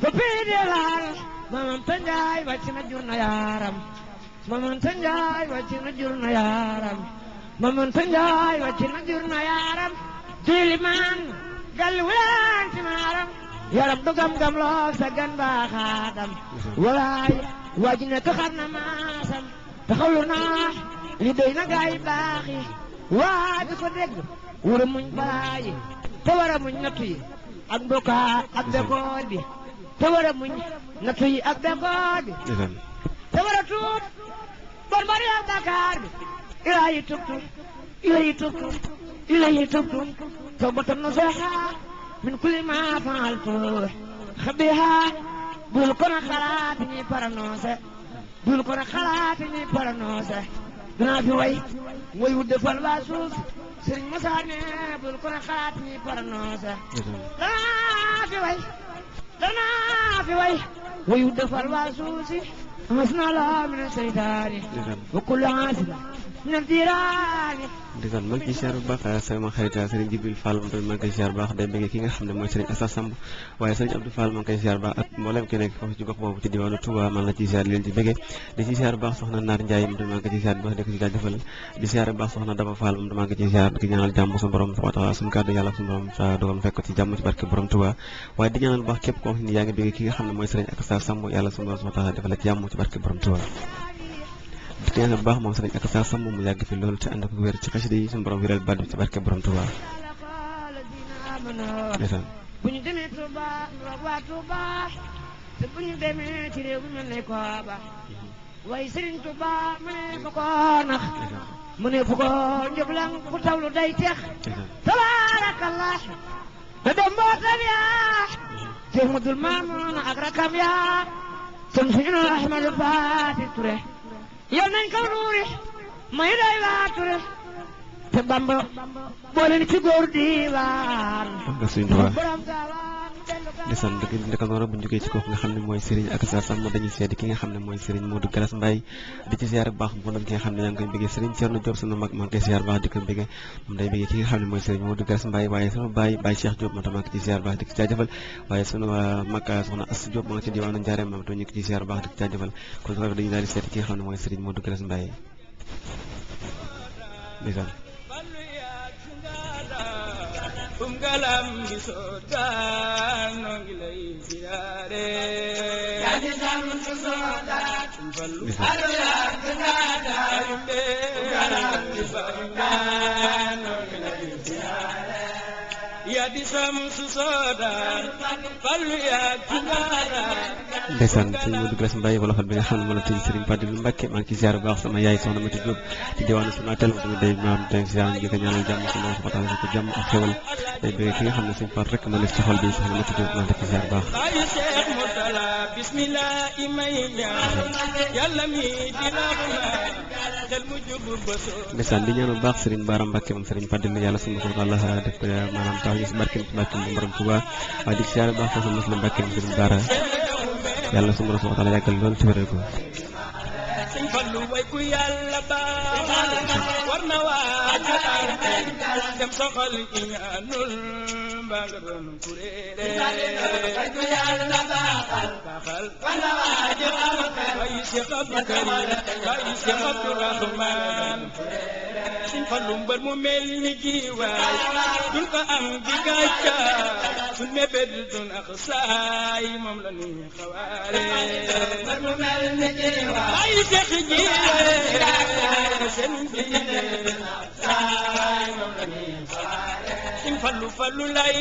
[SPEAKER 1] ba pii di laal ma man ta njaay wàcc na jur na yaaram ma man ta njaay wàcc na jur na yaaram ma man ta njaay wàcc na jur na yaaram di limaan قال ولا انت معلم يا رب قم قم لو سجن باخادم ولاي واجنك خرنا ما سم تخلنا لدينا جاي باخي waaju ko dégg wura muñ balaayi te war a muñ nattu yi ak mbokaa ak bi te war a muñ nattu yi ak bi te war a tuub bon bari ak bakaar bi ilaa tub tub ila tub tub ila tub tub توبة نصوحة من كل ما فعلته خبيها بول كون خلاتني برنوسة بول كون خلاتني برنوسة dinaa fi way way wu defal waa suuf sëriñ Moussa ne bul ko xalaat ñi paranosa danaa fi way danaa fi way way wu defal waa suuf si mas na la min seytaani wa kullu aasila di
[SPEAKER 2] kon maa siyaar bu baax sama xarit sëriñ Jibril Fall moom siyaar bu baax day bëgg siyaar bu baax ak mboolem ki nekk foofu ci siyaar di leen ci ci siyaar bu baax soxna Naar Ndiaye moom ko ci jaajëfal di siyaar bu baax soxna Daba Fall moom tamit kàddu yàlla suñu borom sa dogal fekk ci jàmm ci barke borom Touba di ñaanal bu baax moom sëriñ ak saa sam mu yàgg fi loolu te ànd ak mu ne
[SPEAKER 1] na dem mbootam yaa Cheikh Madul Mamoun ak rakam yaa sëñ yow nañ ko ruuri may day waature te bamba boole ni ci góor diiwaan
[SPEAKER 2] ndeysaan dëgg ndaka noonu bu ñu di ci ki nga xam ne mooy Serigne moo tax maa ngi
[SPEAKER 1] ci kum galam gi sootaan noo ngi lay siyaare yaa ngi jàmm su sootaan kum fallu ado yaa ngi naadaa kum galam gi sootaan noo ngi lay siyaare yaa di samsu sooda fallu yaa jugaara
[SPEAKER 2] ndeysaan sëñ Modou Grace Mbaye bi nga xam ne moo la tëj Serigne Fadilou Mbacké maa ngi ciy ziar bu baax sama yaay soxna Mati Diop ci diwaanu Sonatel tamit day maam tey ziar di ko ñaanal si ko jàmm ak xewal ki nga xam ne sëñ Fall rek ma nekk ci xol bi soxna maa ngi ciy baax
[SPEAKER 1] bismillaahi may ñaan mi dina ko naan xel mu jubbu bësoo
[SPEAKER 2] ndeysaan di ñaanal baax sëriñ Baara Mbàkke moom sëriñ Fàdilu yàlla suñu ko Allah def ko maanaam tax ñu si barkeem si barkeem bu borom Tuubaa waaye di siyaare baax sax mos la Mbàkke sëriñ Baara yàlla suñu borom taala yàggal lool ci wéral ko
[SPEAKER 1] sëñ Fallu way ku yàlla baax war na waa dem soxal ñaanul bamba nga doon kuréere du yàlla na baaxal baaxal wala fallu mbër mu mel ni giwaay duñ la fallu fallu lay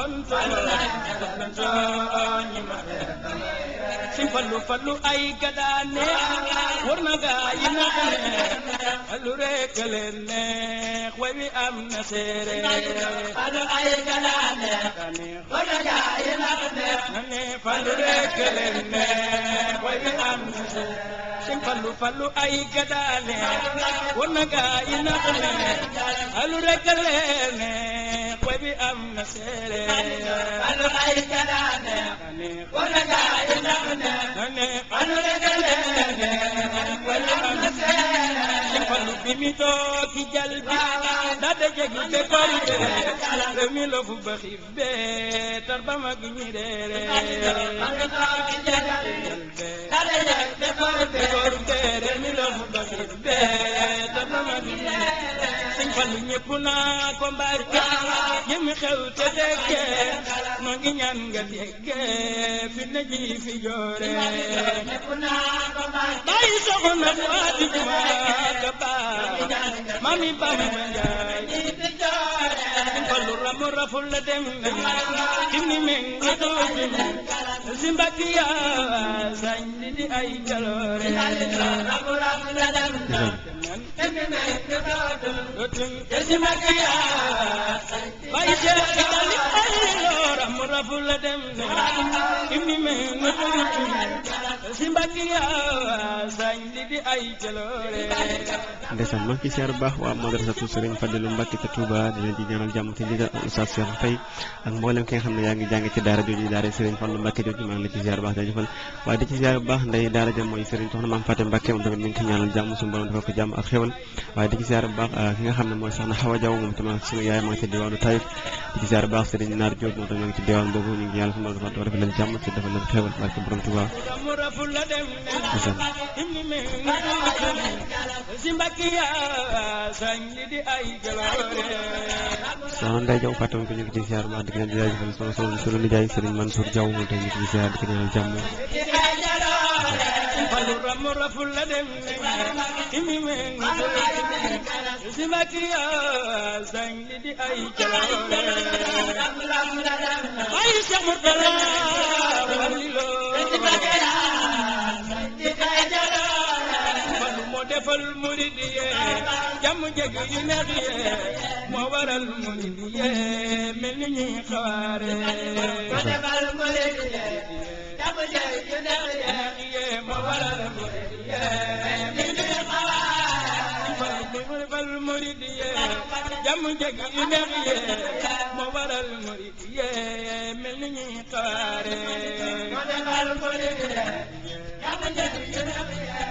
[SPEAKER 1] si fallu fallu ay gadaane war na gaa yi na fallu rek leen neex way wi am na seere fallu ay gadaane war na yi na fallu rek leen neex way bi am na seere anu ay kalaane wala gaay na ne anu le kalaane
[SPEAKER 2] wala am na seere
[SPEAKER 1] mi mi tooki jal bi daa de jeglu te koy tere te mi lofu ba xiif bee tar ba mag ñi reere te mi lofu ba xiif bee tar ba mag ñi reere sëñ Fallu ñëpp naa ko mbàkke jëmi xew te dekke noo ngi ñaan nga dekke fi ne ji fi joore bàyyi soxna Fatima ka baa mami Bamba Njaay Fallu Ramo raful la dem timni meng a toojum simbati di ay jaloore Ramo raful la dem timni meng a toojum simbati yaa sañ bay
[SPEAKER 2] jeex dali ay Ramo raful dal jàmm te ndigal Oustaz Cheikh Faye ak mboolem ki nga xam ne yaa ngi jàng ci daara jooju daara Serigne Fallou Mbacké jooju maa ngi la ci bu baax jaajëfal daara ja mooy Serigne dafa ko jàmm ak xéwal waaye di ci ziar bu baax ki nga xam ne mooy soxna Xawa Jaw moom tamit suñu yaay maa ci diwaanu Taïf di ci ziar bu baax Serigne Naar Diop moom tamit maa ci diwaan boobu ñu ngi yàlla suñu borom dafa dafa leen jàmm te dafa leen xéwal barke si mbakki sama Nday Jaw fàttali ko ñu ngi ci ziar bu baax di leen jaajëfal sama sama sunu nijaay Serigne Mansour Diaw moom tey ñu ngi ci ziar di ko ñaanal jàmm
[SPEAKER 1] ay Cheikh Mourtala defal murid yi jàmm jeg yu neex yi moo waral murid yi mel ni ñuy xawaare ko defal murid yi jàmm jeg yu neex yi moo waral murid yi mel ni ñuy xawaare ko defal murid yi jàmm jeg yu neex yi moo waral murid yi mel ni ñuy xawaare ko defal murid yi jàmm jeg yu neex yi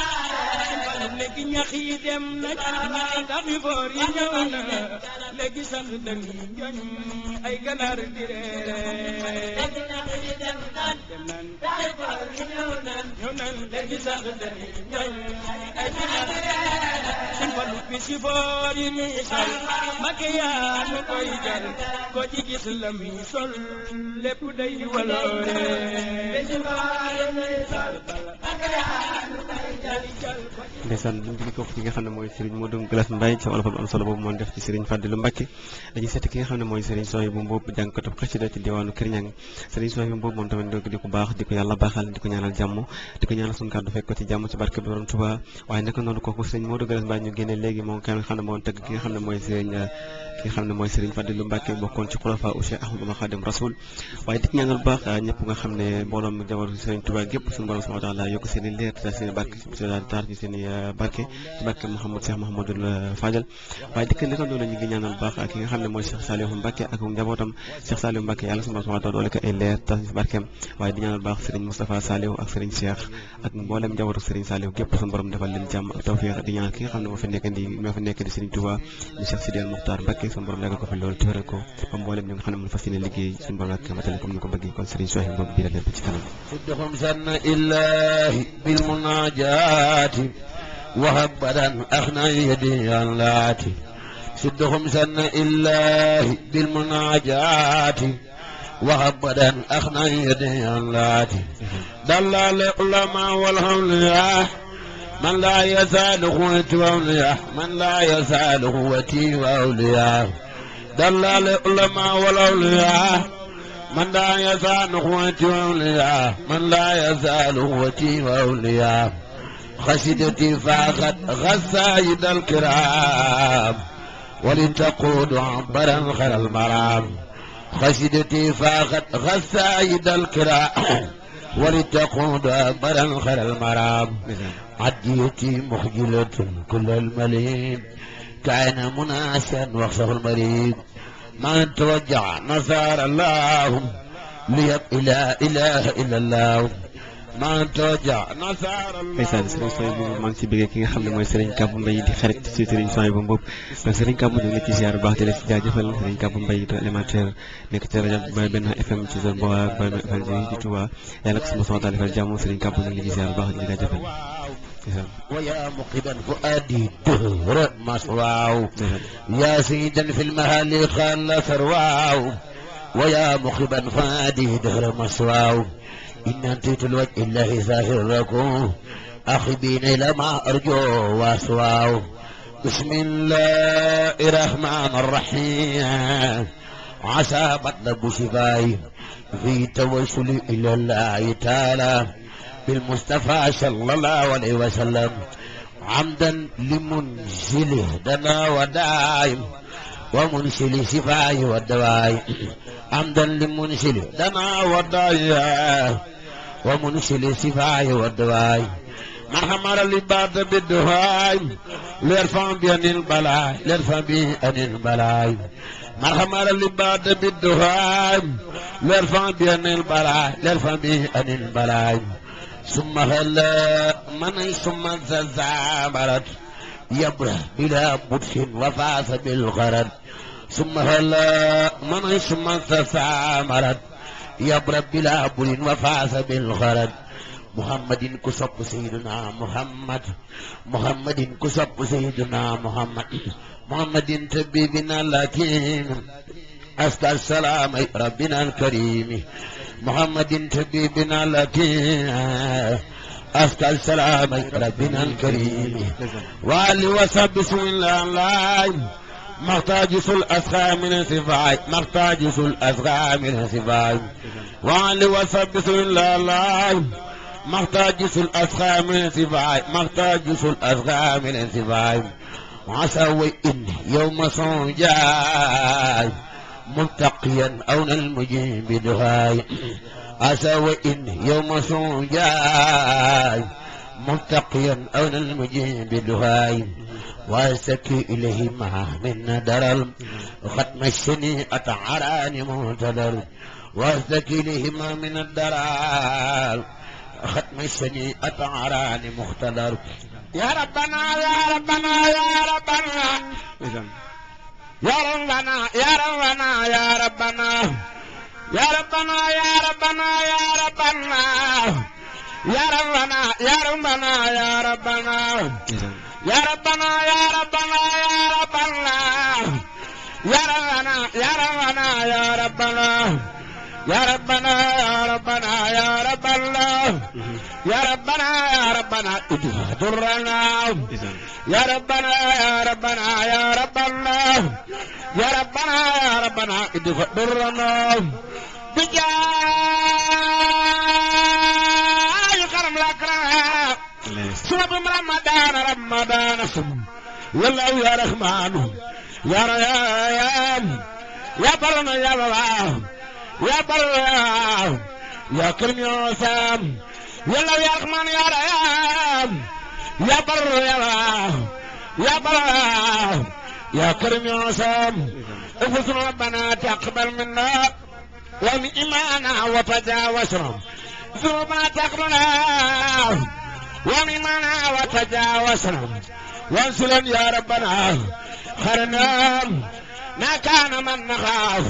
[SPEAKER 1] léegi ñax yi dem na taxi foor yi ñëw na léegi sax dëng joñ ay ganaar di reer léegi ñax yi dem nan taxi foor yi ñëw na ñëw na léegi sax dëng joñ ay ganaar di reer si falu bi si foor yi ñuy sol make yaa nu koy jar ko ci gis la muy sol lépp day waloore bi si foor yi ñuy sol make yaa nu koy
[SPEAKER 2] jar ki nga xam ne mooy Serigne Modou ki nga xam ne mooy Serigne Souhaïbou Mbow jàngkatu bokkoon ci xulafa u Cheikh Ahmadou Khadim Rasoul waaye di ñaanal baax ñëpp nga xam ne mbooloom jabaru Serigne Touba gépp suñu borom subhanahu wa taala yokk seen leer seen i barke seen taar seen i barke ci barke Mouhamadou Cheikh Mouhamadul Fadel waaye dëkk naka loolu ñu ngi ñaanal baax ak ki nga xam ne mooy Cheikh Saliou Mbacke ak njabootam Cheikh Saliou Mbacke yàlla sama sama doole ko ay leer tas ci nga xam ne moo fi nekk di moo fi nekk di Serigne Touba di Cheikh Sidi El Moukhtar Mbacke suñu borom yàggal ko fi loolu tëral ko ba mboolem ñi nga xam ne mu fas yéene liggéey suñu borom ak matale comme ni ko bëggee kon Serigne Sohi boobu bi la leen ci
[SPEAKER 1] kanam وهبدا أخنى يدي اللاتي سد خمسا إلاه بالمناجات وهبدا أخنى يدي اللاتي دل العلماء والأولياء من لا يزال قوتي وأولياء من لا يزال قوتي وأولياء دل العلماء والأولياء من لا يزال قوتي وأولياء من لا يزال قوتي وأولياء خشيتي فاخت غسايد الكرام ولتقود عبرا خير المرام خشيتي فاخت غسايد الكرام ولتقود عبرا خير المرام عديتي مخجلة كل المليم كان مناسا واخسف المريم ما توجع نصار الله
[SPEAKER 2] ليب إله إله إلا الله ndeysaan sëriñ Soy bu maa ngi si bëggee ki nga xam ne mooy sëriñ Kàbbu Mbay di xarit si sëriñ Soy bu Mbopp sëriñ Kàbbu ñu ngi la ci ziar bu baax di la si jaajëfal sëriñ Kàbbu Mbay di animateur nekk ci rajo Baye benn FM ci zone Boa Baye benn FM ci Touba yàlla ko sama sama taal defal jàmm sëriñ Kàbbu ñu ngi la ci ziar bu baax di la
[SPEAKER 1] jaajëfal ويا مقدا فؤادي دهرا مصواو يا سيدا في المهال خلف رواو ويا مقبا فؤادي دهرا مصواو إن أنتيت الوجه الله ساهر لكم أخبين إلى ما أرجو وأسواه بسم الله الرحمن الرحيم عسى مطلب شفاي في توسل إلى الله تعالى بالمصطفى صلى الله عليه وسلم عمدا لمنزله دنا ودائم ومنسل شفاي والدواء حمدا لمنشل دنا ودايا ومنشل شفاي ودواي من حمر العباد بالدعاء ليرفع بأن البلاء ليرفع بأن البلاء من حمر العباد بالدعاء ليرفع بأن البلاء ليرفع بأن البلاء ثم هلا من ثم زابرت يبرح بلا بدح وفاس بالغرد ثم هلا من غش من تسامرت يبرد بلا بل وفاز بالخرد محمد كسب سيدنا محمد محمد كسب سيدنا محمد محمد تبيبنا لكن أستر سلام ربنا الكريم محمد تبيبنا لكن أستر سلام ربنا الكريم وعلي وسب بسم الله مرتاجس الأسرى من سفاعي مرتاجس الأسرى من سفاعي وعلي وثبت لا لا مرتاجس الأسرى من سفاعي مرتاجس الأسرى من سفاعي وعسوي إن يوم صنجاي ملتقيا أو المجيب بدهاي عسوي إن يوم صنجاي ملتقيا أو المجيب بدهاي وازكي إليهما من درر ختم الشنيعة عراني معتدر وازكي إليهما من الدرر ختم الشنيعة عراني مختدر يا ربنا يا ربنا يا ربنا يا ربنا يا ربنا يا ربنا يا ربنا يا ربنا يا ربنا يا ربنا يا ربنا يا ربنا يا ربنا يا ربنا يا ربنا يا ربنا يا ربنا يا ربنا يا ربنا يا ربنا يا ربنا يا ربنا يا ربنا ادها درنا يا ربنا يا ربنا يا ربنا يا ربنا يا ربنا ادها درنا بجاه رمضان رمضان والله يا رحمن يا ريان يا برنا يا الله يا برنا يا كريم يا سام والله يا رحمن يا ريان يا بر يا الله يا بر يا كريم يا سام اغفر ربنا تقبل منا ومن إيمانا وتجاوزنا ذنوبنا تقبلنا وممنا وتجاوزنا وانسلن يا ربنا خرنا ما كان من نخاف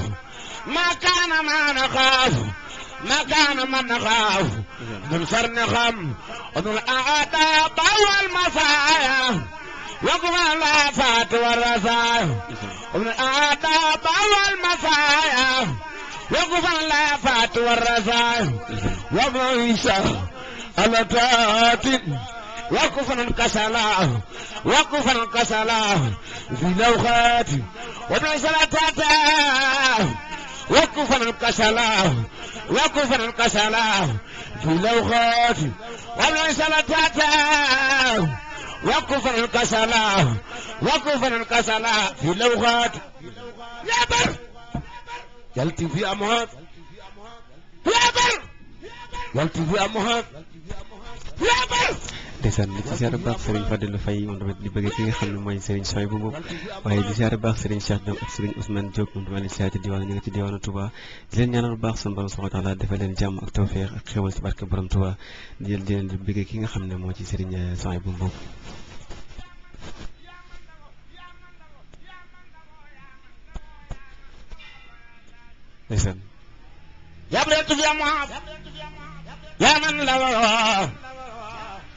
[SPEAKER 1] ما كان ما نخاف ما كان من نخاف ننصر نخم ذو الأعداء طوى المصايا وقوى الآفات والرزايا ذو الأعداء طوى المصايا وقوى الآفات والرزايا وقوى على تات وقفا كسلا وقفا كسلا في لوخات وابن سلطاتا وقفا كسلا وقفا كسلا في لوخات وابن سلطاتا وقفا كسلا وقفا كسلا في لوخات يا بر يلتي في أمهات يا بر يلتي في أمهات
[SPEAKER 2] ndeysaan di siyaare bu baax Serigne Fadilou Faye moom tamit di bëgg ki nga xam ne mooy Serigne Soy bu boobu waaye di siyaare bu baax Serigne Cheikh Diop ak Serigne Ousmane Diop moom tamit di siyaare ci diwaanu ñu ngi leen ñaanal bu baax suñu borom subhanahu wa taala defal leen jàmm ak tawféex ak xéwal ci barke borom Touba di leen di leen ki nga xam ne moo ci Serigne Soy bu boobu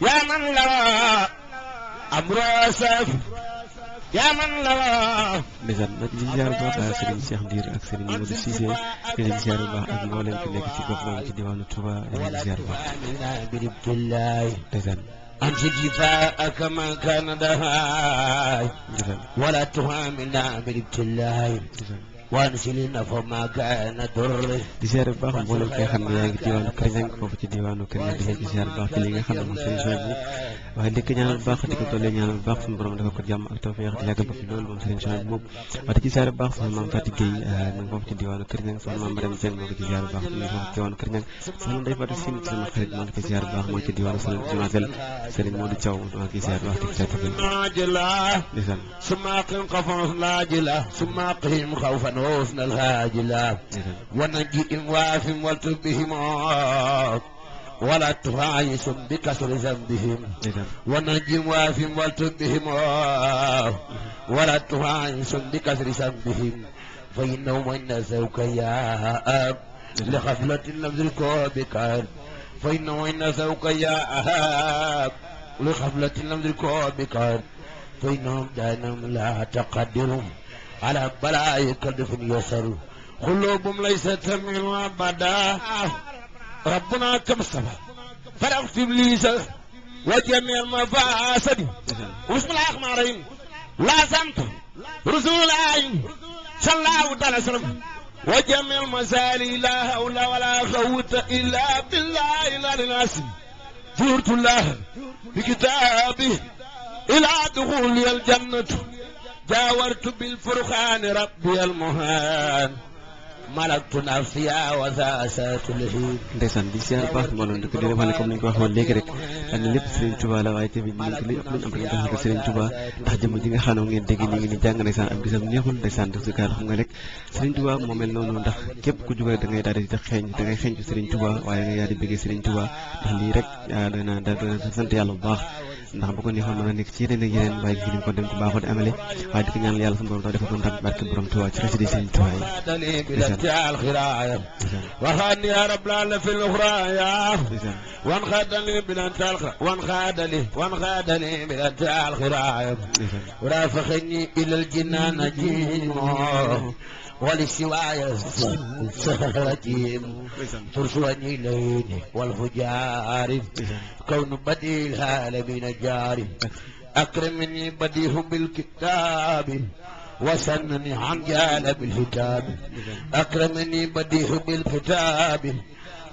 [SPEAKER 2] يا من لوى أمر أسف yaa man la waa. ndeysaan nag di ziar bu baax Serigne Cheikh Ndiir ak Serigne Modou Cissé di leen ziar bu baax ak mboolem ku nekk ci gox boobu ci diwaanu Touba di leen ziar bu baax.
[SPEAKER 1] ndeysaan. أمسك جفاءك ما كان دهاي ولا تهامنا بالابتلاء waan si li na fa maakaana dorre
[SPEAKER 2] di siyaare bu baax mboolem ki nga xam ne yaa ngi diwaanu Kër Ñang foofu ci diwaanu Kër Ñang di leen di siyaare bu baax ci li nga xam ne moom sëriñ Soy bu waaye ndikk ñaanal bu baax di ko tollee ñaanal bu baax suñu borom dafa ko jàmm ak tawfeex di yàggal ko fi loolu moom sëriñ Soy bu boobu waaye ci siyaare bu baax soxna maam Fati Gueye ñu ah, ngi foofu ci diwaanu Kër Ñang soxna maam Madame Dieng moo ko ci siyaare bu baax ñu ngi foofu ci diwaanu Kër Ñang soxna Ndeye Fatou Sine sama xarit maa ngi koy siyaare bu baax moo ci diwaanu Sonatel sëriñ Modou Thiaw maa ngi koy siyaare bu baax di
[SPEAKER 1] ko siyaare bu baax وحسن الهاجلا ونجئ واف والتب بهم ولا تعيش بكسر ذنبهم ونجم واف والتب بهم ولا تعيش بكسر ذنبهم فإنهم إن سوك يا أب لغفلة لم ذلكوا بك فإنه إن سوك يا أهاب لغفلة لم ذلكوا بك فإنهم دائما لا تقدرهم على ملائكة دفن يسر قلوبهم ليس تميل أبدا ربنا كم صفى فاغفر لي وجميع المفاسد واسم الأخمارين لازمت رسول الله صلى الله عليه وسلم وجميع المسالي لا حول ولا قوة إلا بالله لا للناس زرت الله بكتابه إلى دخول الجنة جاورت
[SPEAKER 2] بالفرقان ربي المهان malaktu nafsiya wa saasaatu lahi ndeysaan di siyaar wax ne comme ni ñu ko waxoon léegi rek dañ lépp Serigne Touba la waaye tamit ñu ngi lépp am rek nga xam ne Serigne Touba ndax jëmm ji dégg ñu ngi ni jàng ndeysaan am gisam neexul ndeysaan moo mel noonu ndax képp ku jóg da ngay daal di da xeeñ da ngay xeeñ ci Serigne Touba waaye nga yaa di bëggee Serigne Touba ndax lii rek doy ah, naa da sant yàlla bu baax ndax bu ko neexoon mën a nekk ci yeneen ak yeneen waaye gis nañ ko dem ko baaxoo di amale waaye di ko ñaanal yàlla sama borom taw defal ko ndam barke borom Tuubaa ci xasida seen Tuubaa yi
[SPEAKER 1] ya rabb la fil ukhra ya wan khadali bilan tal wan khadali wan khadali bilan tal khira wa rafakhni ila al jinan ولسواي سهرتي ترسلني لين والفجار كون بديع العالمين جاري أكرمني بديه بالكتاب وسنني عن جال بالهتاب أكرمني بديه بالكتاب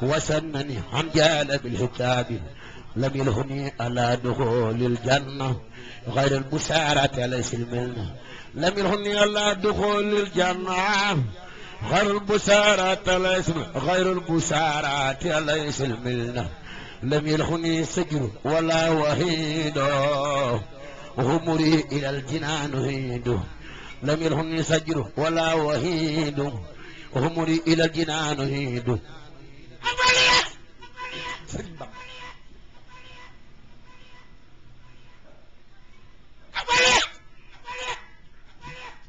[SPEAKER 1] وسنني عن جال بالهتاب لم يلهني على دخول الجنة غير البشارة ليس الملنة لم يكن إلا دخول الجنة غير البسارات ليس غير البسارات ليس الملة لم يلخني سجن ولا وهيد غمري إلى الجنان هيد لم يلخني سجن ولا وهيد غمري إلى الجنان هيد أولياء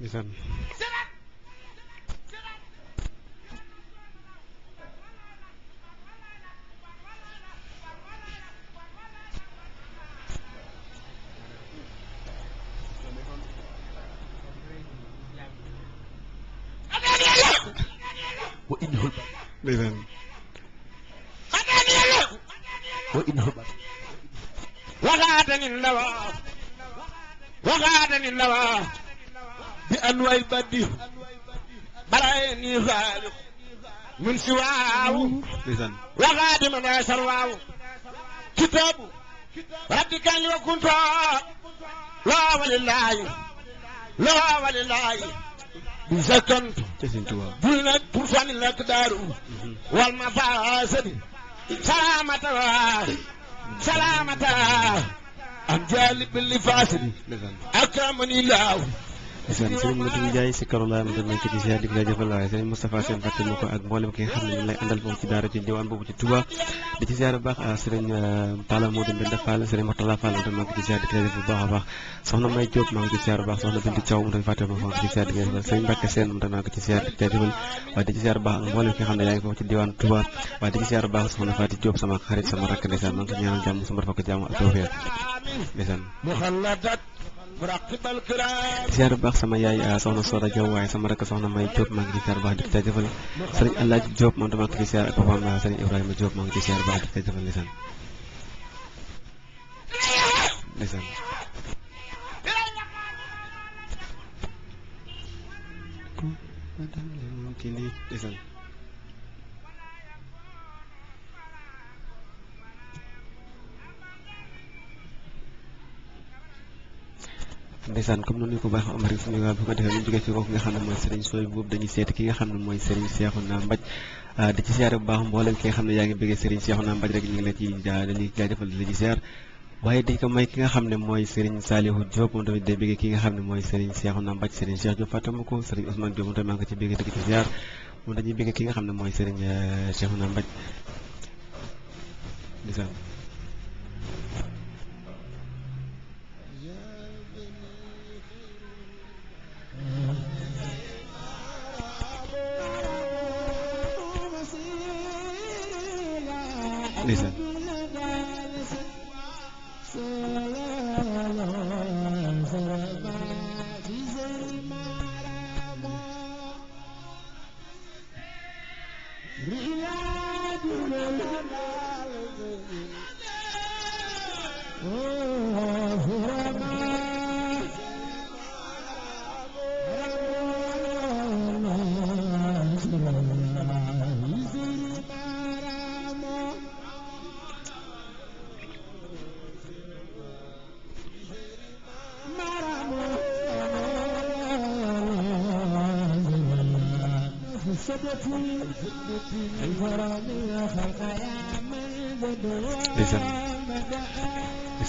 [SPEAKER 2] ndeysaan ndeysaan
[SPEAKER 1] waxaatani ndawa waxaatani ndawa bi an way baddi balaye ni xaaliq min si waawu waxaadima naa sar waawu kitaabu rabbi kan wa kunto laa walilaayi laa walilaayi bi sakkantu bul nag pour fani lakk daaru wal ma faasadi salaamata waa salaamata am jaali billi faasadi akramani laahu
[SPEAKER 2] sëriñ Modou Ndiaye si kaw laa dem nañ ko ci ziar di ko jaajëfal waaye sëriñ Moustapha Sène fàtte ñu ko ak mboolem ki nga xam ne ñu ah, ah, ngi a baax foofu ci ziar di waaye di ci ziar baax ak xam ne yaa ngi sama xarit sama rakk ndeysaan maa ngi ko ñaanal jàmm sama rafet jàmm ak tawfeex ndeysaan ziar baax sama yaay ah, soxna Soda Diop waaye sama rakk soxna May Diop maa ngi ci ziar bu baax di ko jaajëfal sëriñ Alaaji Diop moom dama ko ci ziar ak papaam ah, sëriñ Ibrahima ci ziar baax di ko jaajëfal ndeysaan ndeysaan comme noonu ñu ko baax am rek suñu gaal bu ko defee xam ne mooy Serigne Soy boobu dañuy seeti ki nga xam ne mooy Serigne Cheikhouna Mbaj ah, di ci siyaare bu baax mboolem ki nga xam ne yaa ngi bëggee Serigne Cheikhouna Mbaj rek mooy Serigne Saliou Diop moom tamit day bëggee ki ne mooy Serigne Cheikhouna Mbaj Serigne Cheikh Diop fàttama ko Serigne Ousmane Diop moom tamit maa ngi ko xam ne mooy Serigne eh, Cheikhouna Mbaj ndeysaan ndeysaan mm-hmm.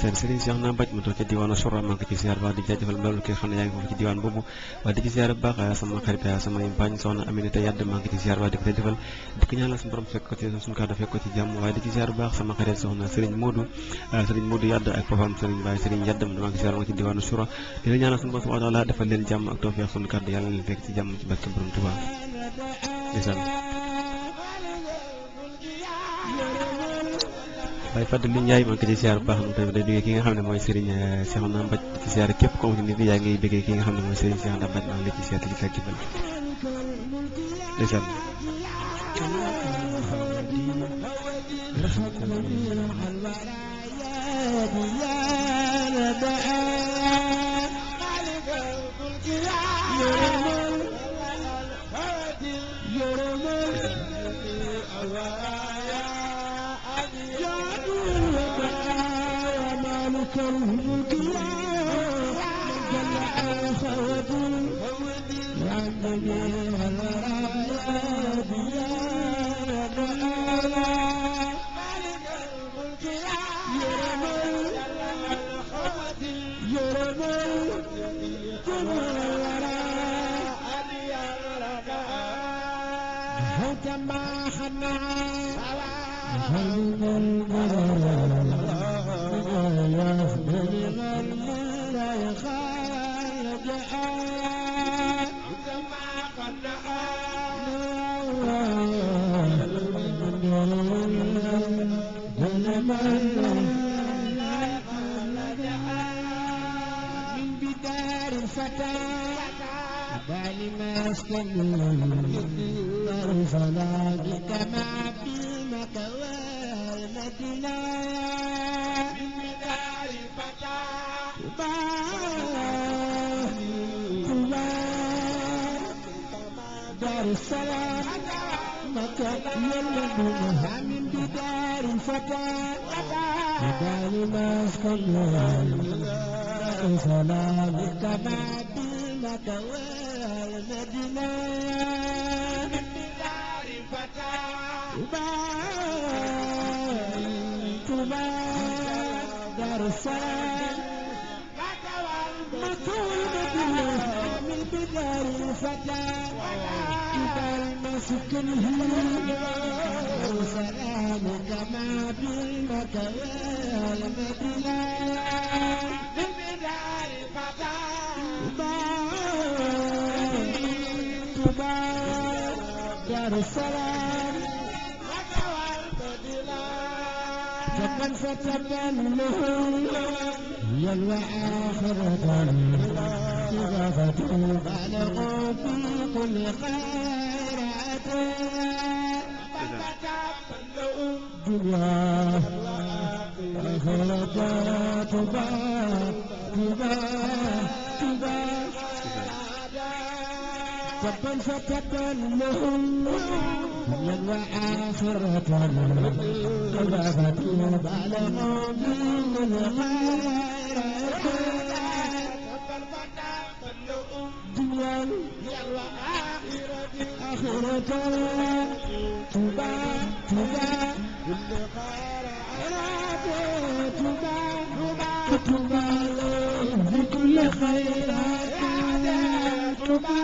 [SPEAKER 2] seen sëriñ Cheikh na Mbaj ma toog ca diwaanu Sora maa ngi ci ziar baax di jaajëfal mbalu ki xam ne yaa ngi foofu ci diwaan boobu di ci ziar baax ah, sama xarit ah, sama bañ soxna Aminata Yadd maa ngi ci ziar baax di ko jaajëfal di ko ñaanal suñu borom fekk ko ci suñu kàddu fekk ko ci jàmm waaye di ci ziar baax sama xarit soxna sëriñ Modou ah, sëriñ Modou Yadd ak papaam sëriñ Baye sëriñ Yadd maa ngi ci ziar ci diwaanu Sora di la waaye Fadilou Ndiaye a ngi koy siyaar baax moom tamit day ki nga xam ne mooy Serigne eh, Cheikhouna Mbaj ci siyaar képp comme nit yaa ngi bëggee ki nga xam ne mooy Serigne Cheikhouna Mbaj maa ngi lay ci siyaar ci kàddu gi. ndeysaan.
[SPEAKER 1] Allah الملك يا خود يا نبي الرب يا رب العالمين مستمر من صلاتك مع دينك وآلتنا دار السلام مكان يلدها من بدار الفتى بدار ما استمر من صلاتك مع دينك مكة والمدينة من دار فتى وبايتما دار السلام مكة والمدينة من بدار الفتى وبايتما مسكنه وسلام كما بالمكة والمدينة من بدار فتى فقد فتنهم يا الآخرة إذا فتوا خلقوا في كل خير أتوا دنيا آخرة تبا تبا تبا سبا فسبا لهم دنيا وآخرة عذاب على مؤمن غير دنيا وآخرة تبا تبا تبا تبا لكل خيرات تبا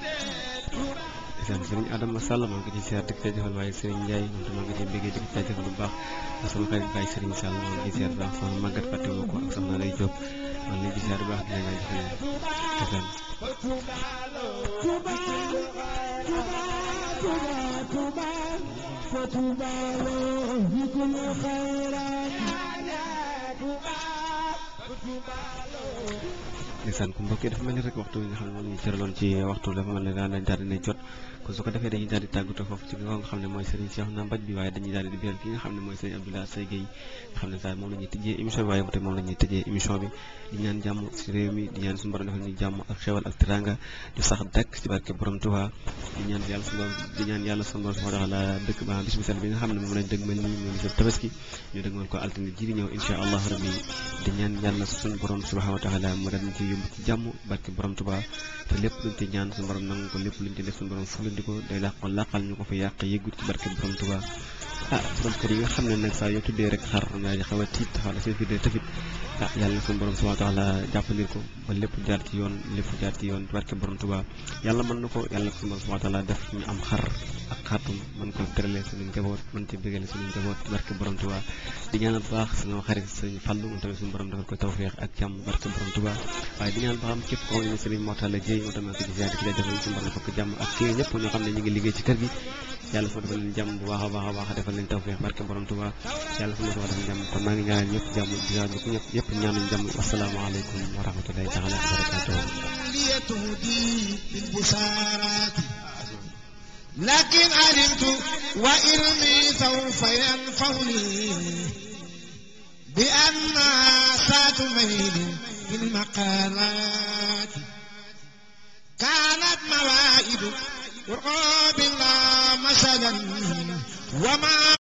[SPEAKER 2] seet sëriñ Adama Sall maa ko ci seet di ko jaajëfal waaye sëriñ Ndiaye moom tam maa ngi bëggee di ko jaajëfal bu baax ak sama xarit Baye sëriñ Sall maa ngi ci seet baax soxna Maguette Faté ko ak soxna Lay Diop maa ngi ku mbokk dafa mel ni rek waxtu bi nga xam ne ci waxtu dafa mel ne daan jot kon su ko defee dañuy daal di tàggatoo foofu ci nga xam ne mooy Serigne Cheikhouna Mbaj bi waaye xam ne saa moom la ñuy tëjee émission bi waaye ba tey moom la ñuy tëjee émission bi di ñaan jàmm si réew mi di ñaan yàlla suñu borom di ñaan yàlla suñu borom ñu ci yóbbu ci jàmm barke borom Tuubaa te lépp luñ ci ñaan suñu borom nangu ko lépp luñ ci def suñu borom ful ko day làqal làqal ñu ko fa yàq yëgut ci barke borom Tuuba ah borom kër yi nga xam ne nag saa yoo tuddee rek xar ngaa ji xaw a tiit xaw la seen de tafit yàlla suñu borom subhanahu wa taala ko ba lépp jaar ci yoon lépp jaar ci yoon barke borom Tuubaa yàlla suñu borom subhanahu ci jàmm kon maa ngi ñaanal ñëpp jàmm di ñaan ñëpp ñaanal jàmm asalaamaaleykum wa rahmatullahi taala wa barakaatuh
[SPEAKER 1] لكن علمت وإلمي سوف ينفعني بأن سات ميل في المقالات كانت موائد وقاب لا مثلا وما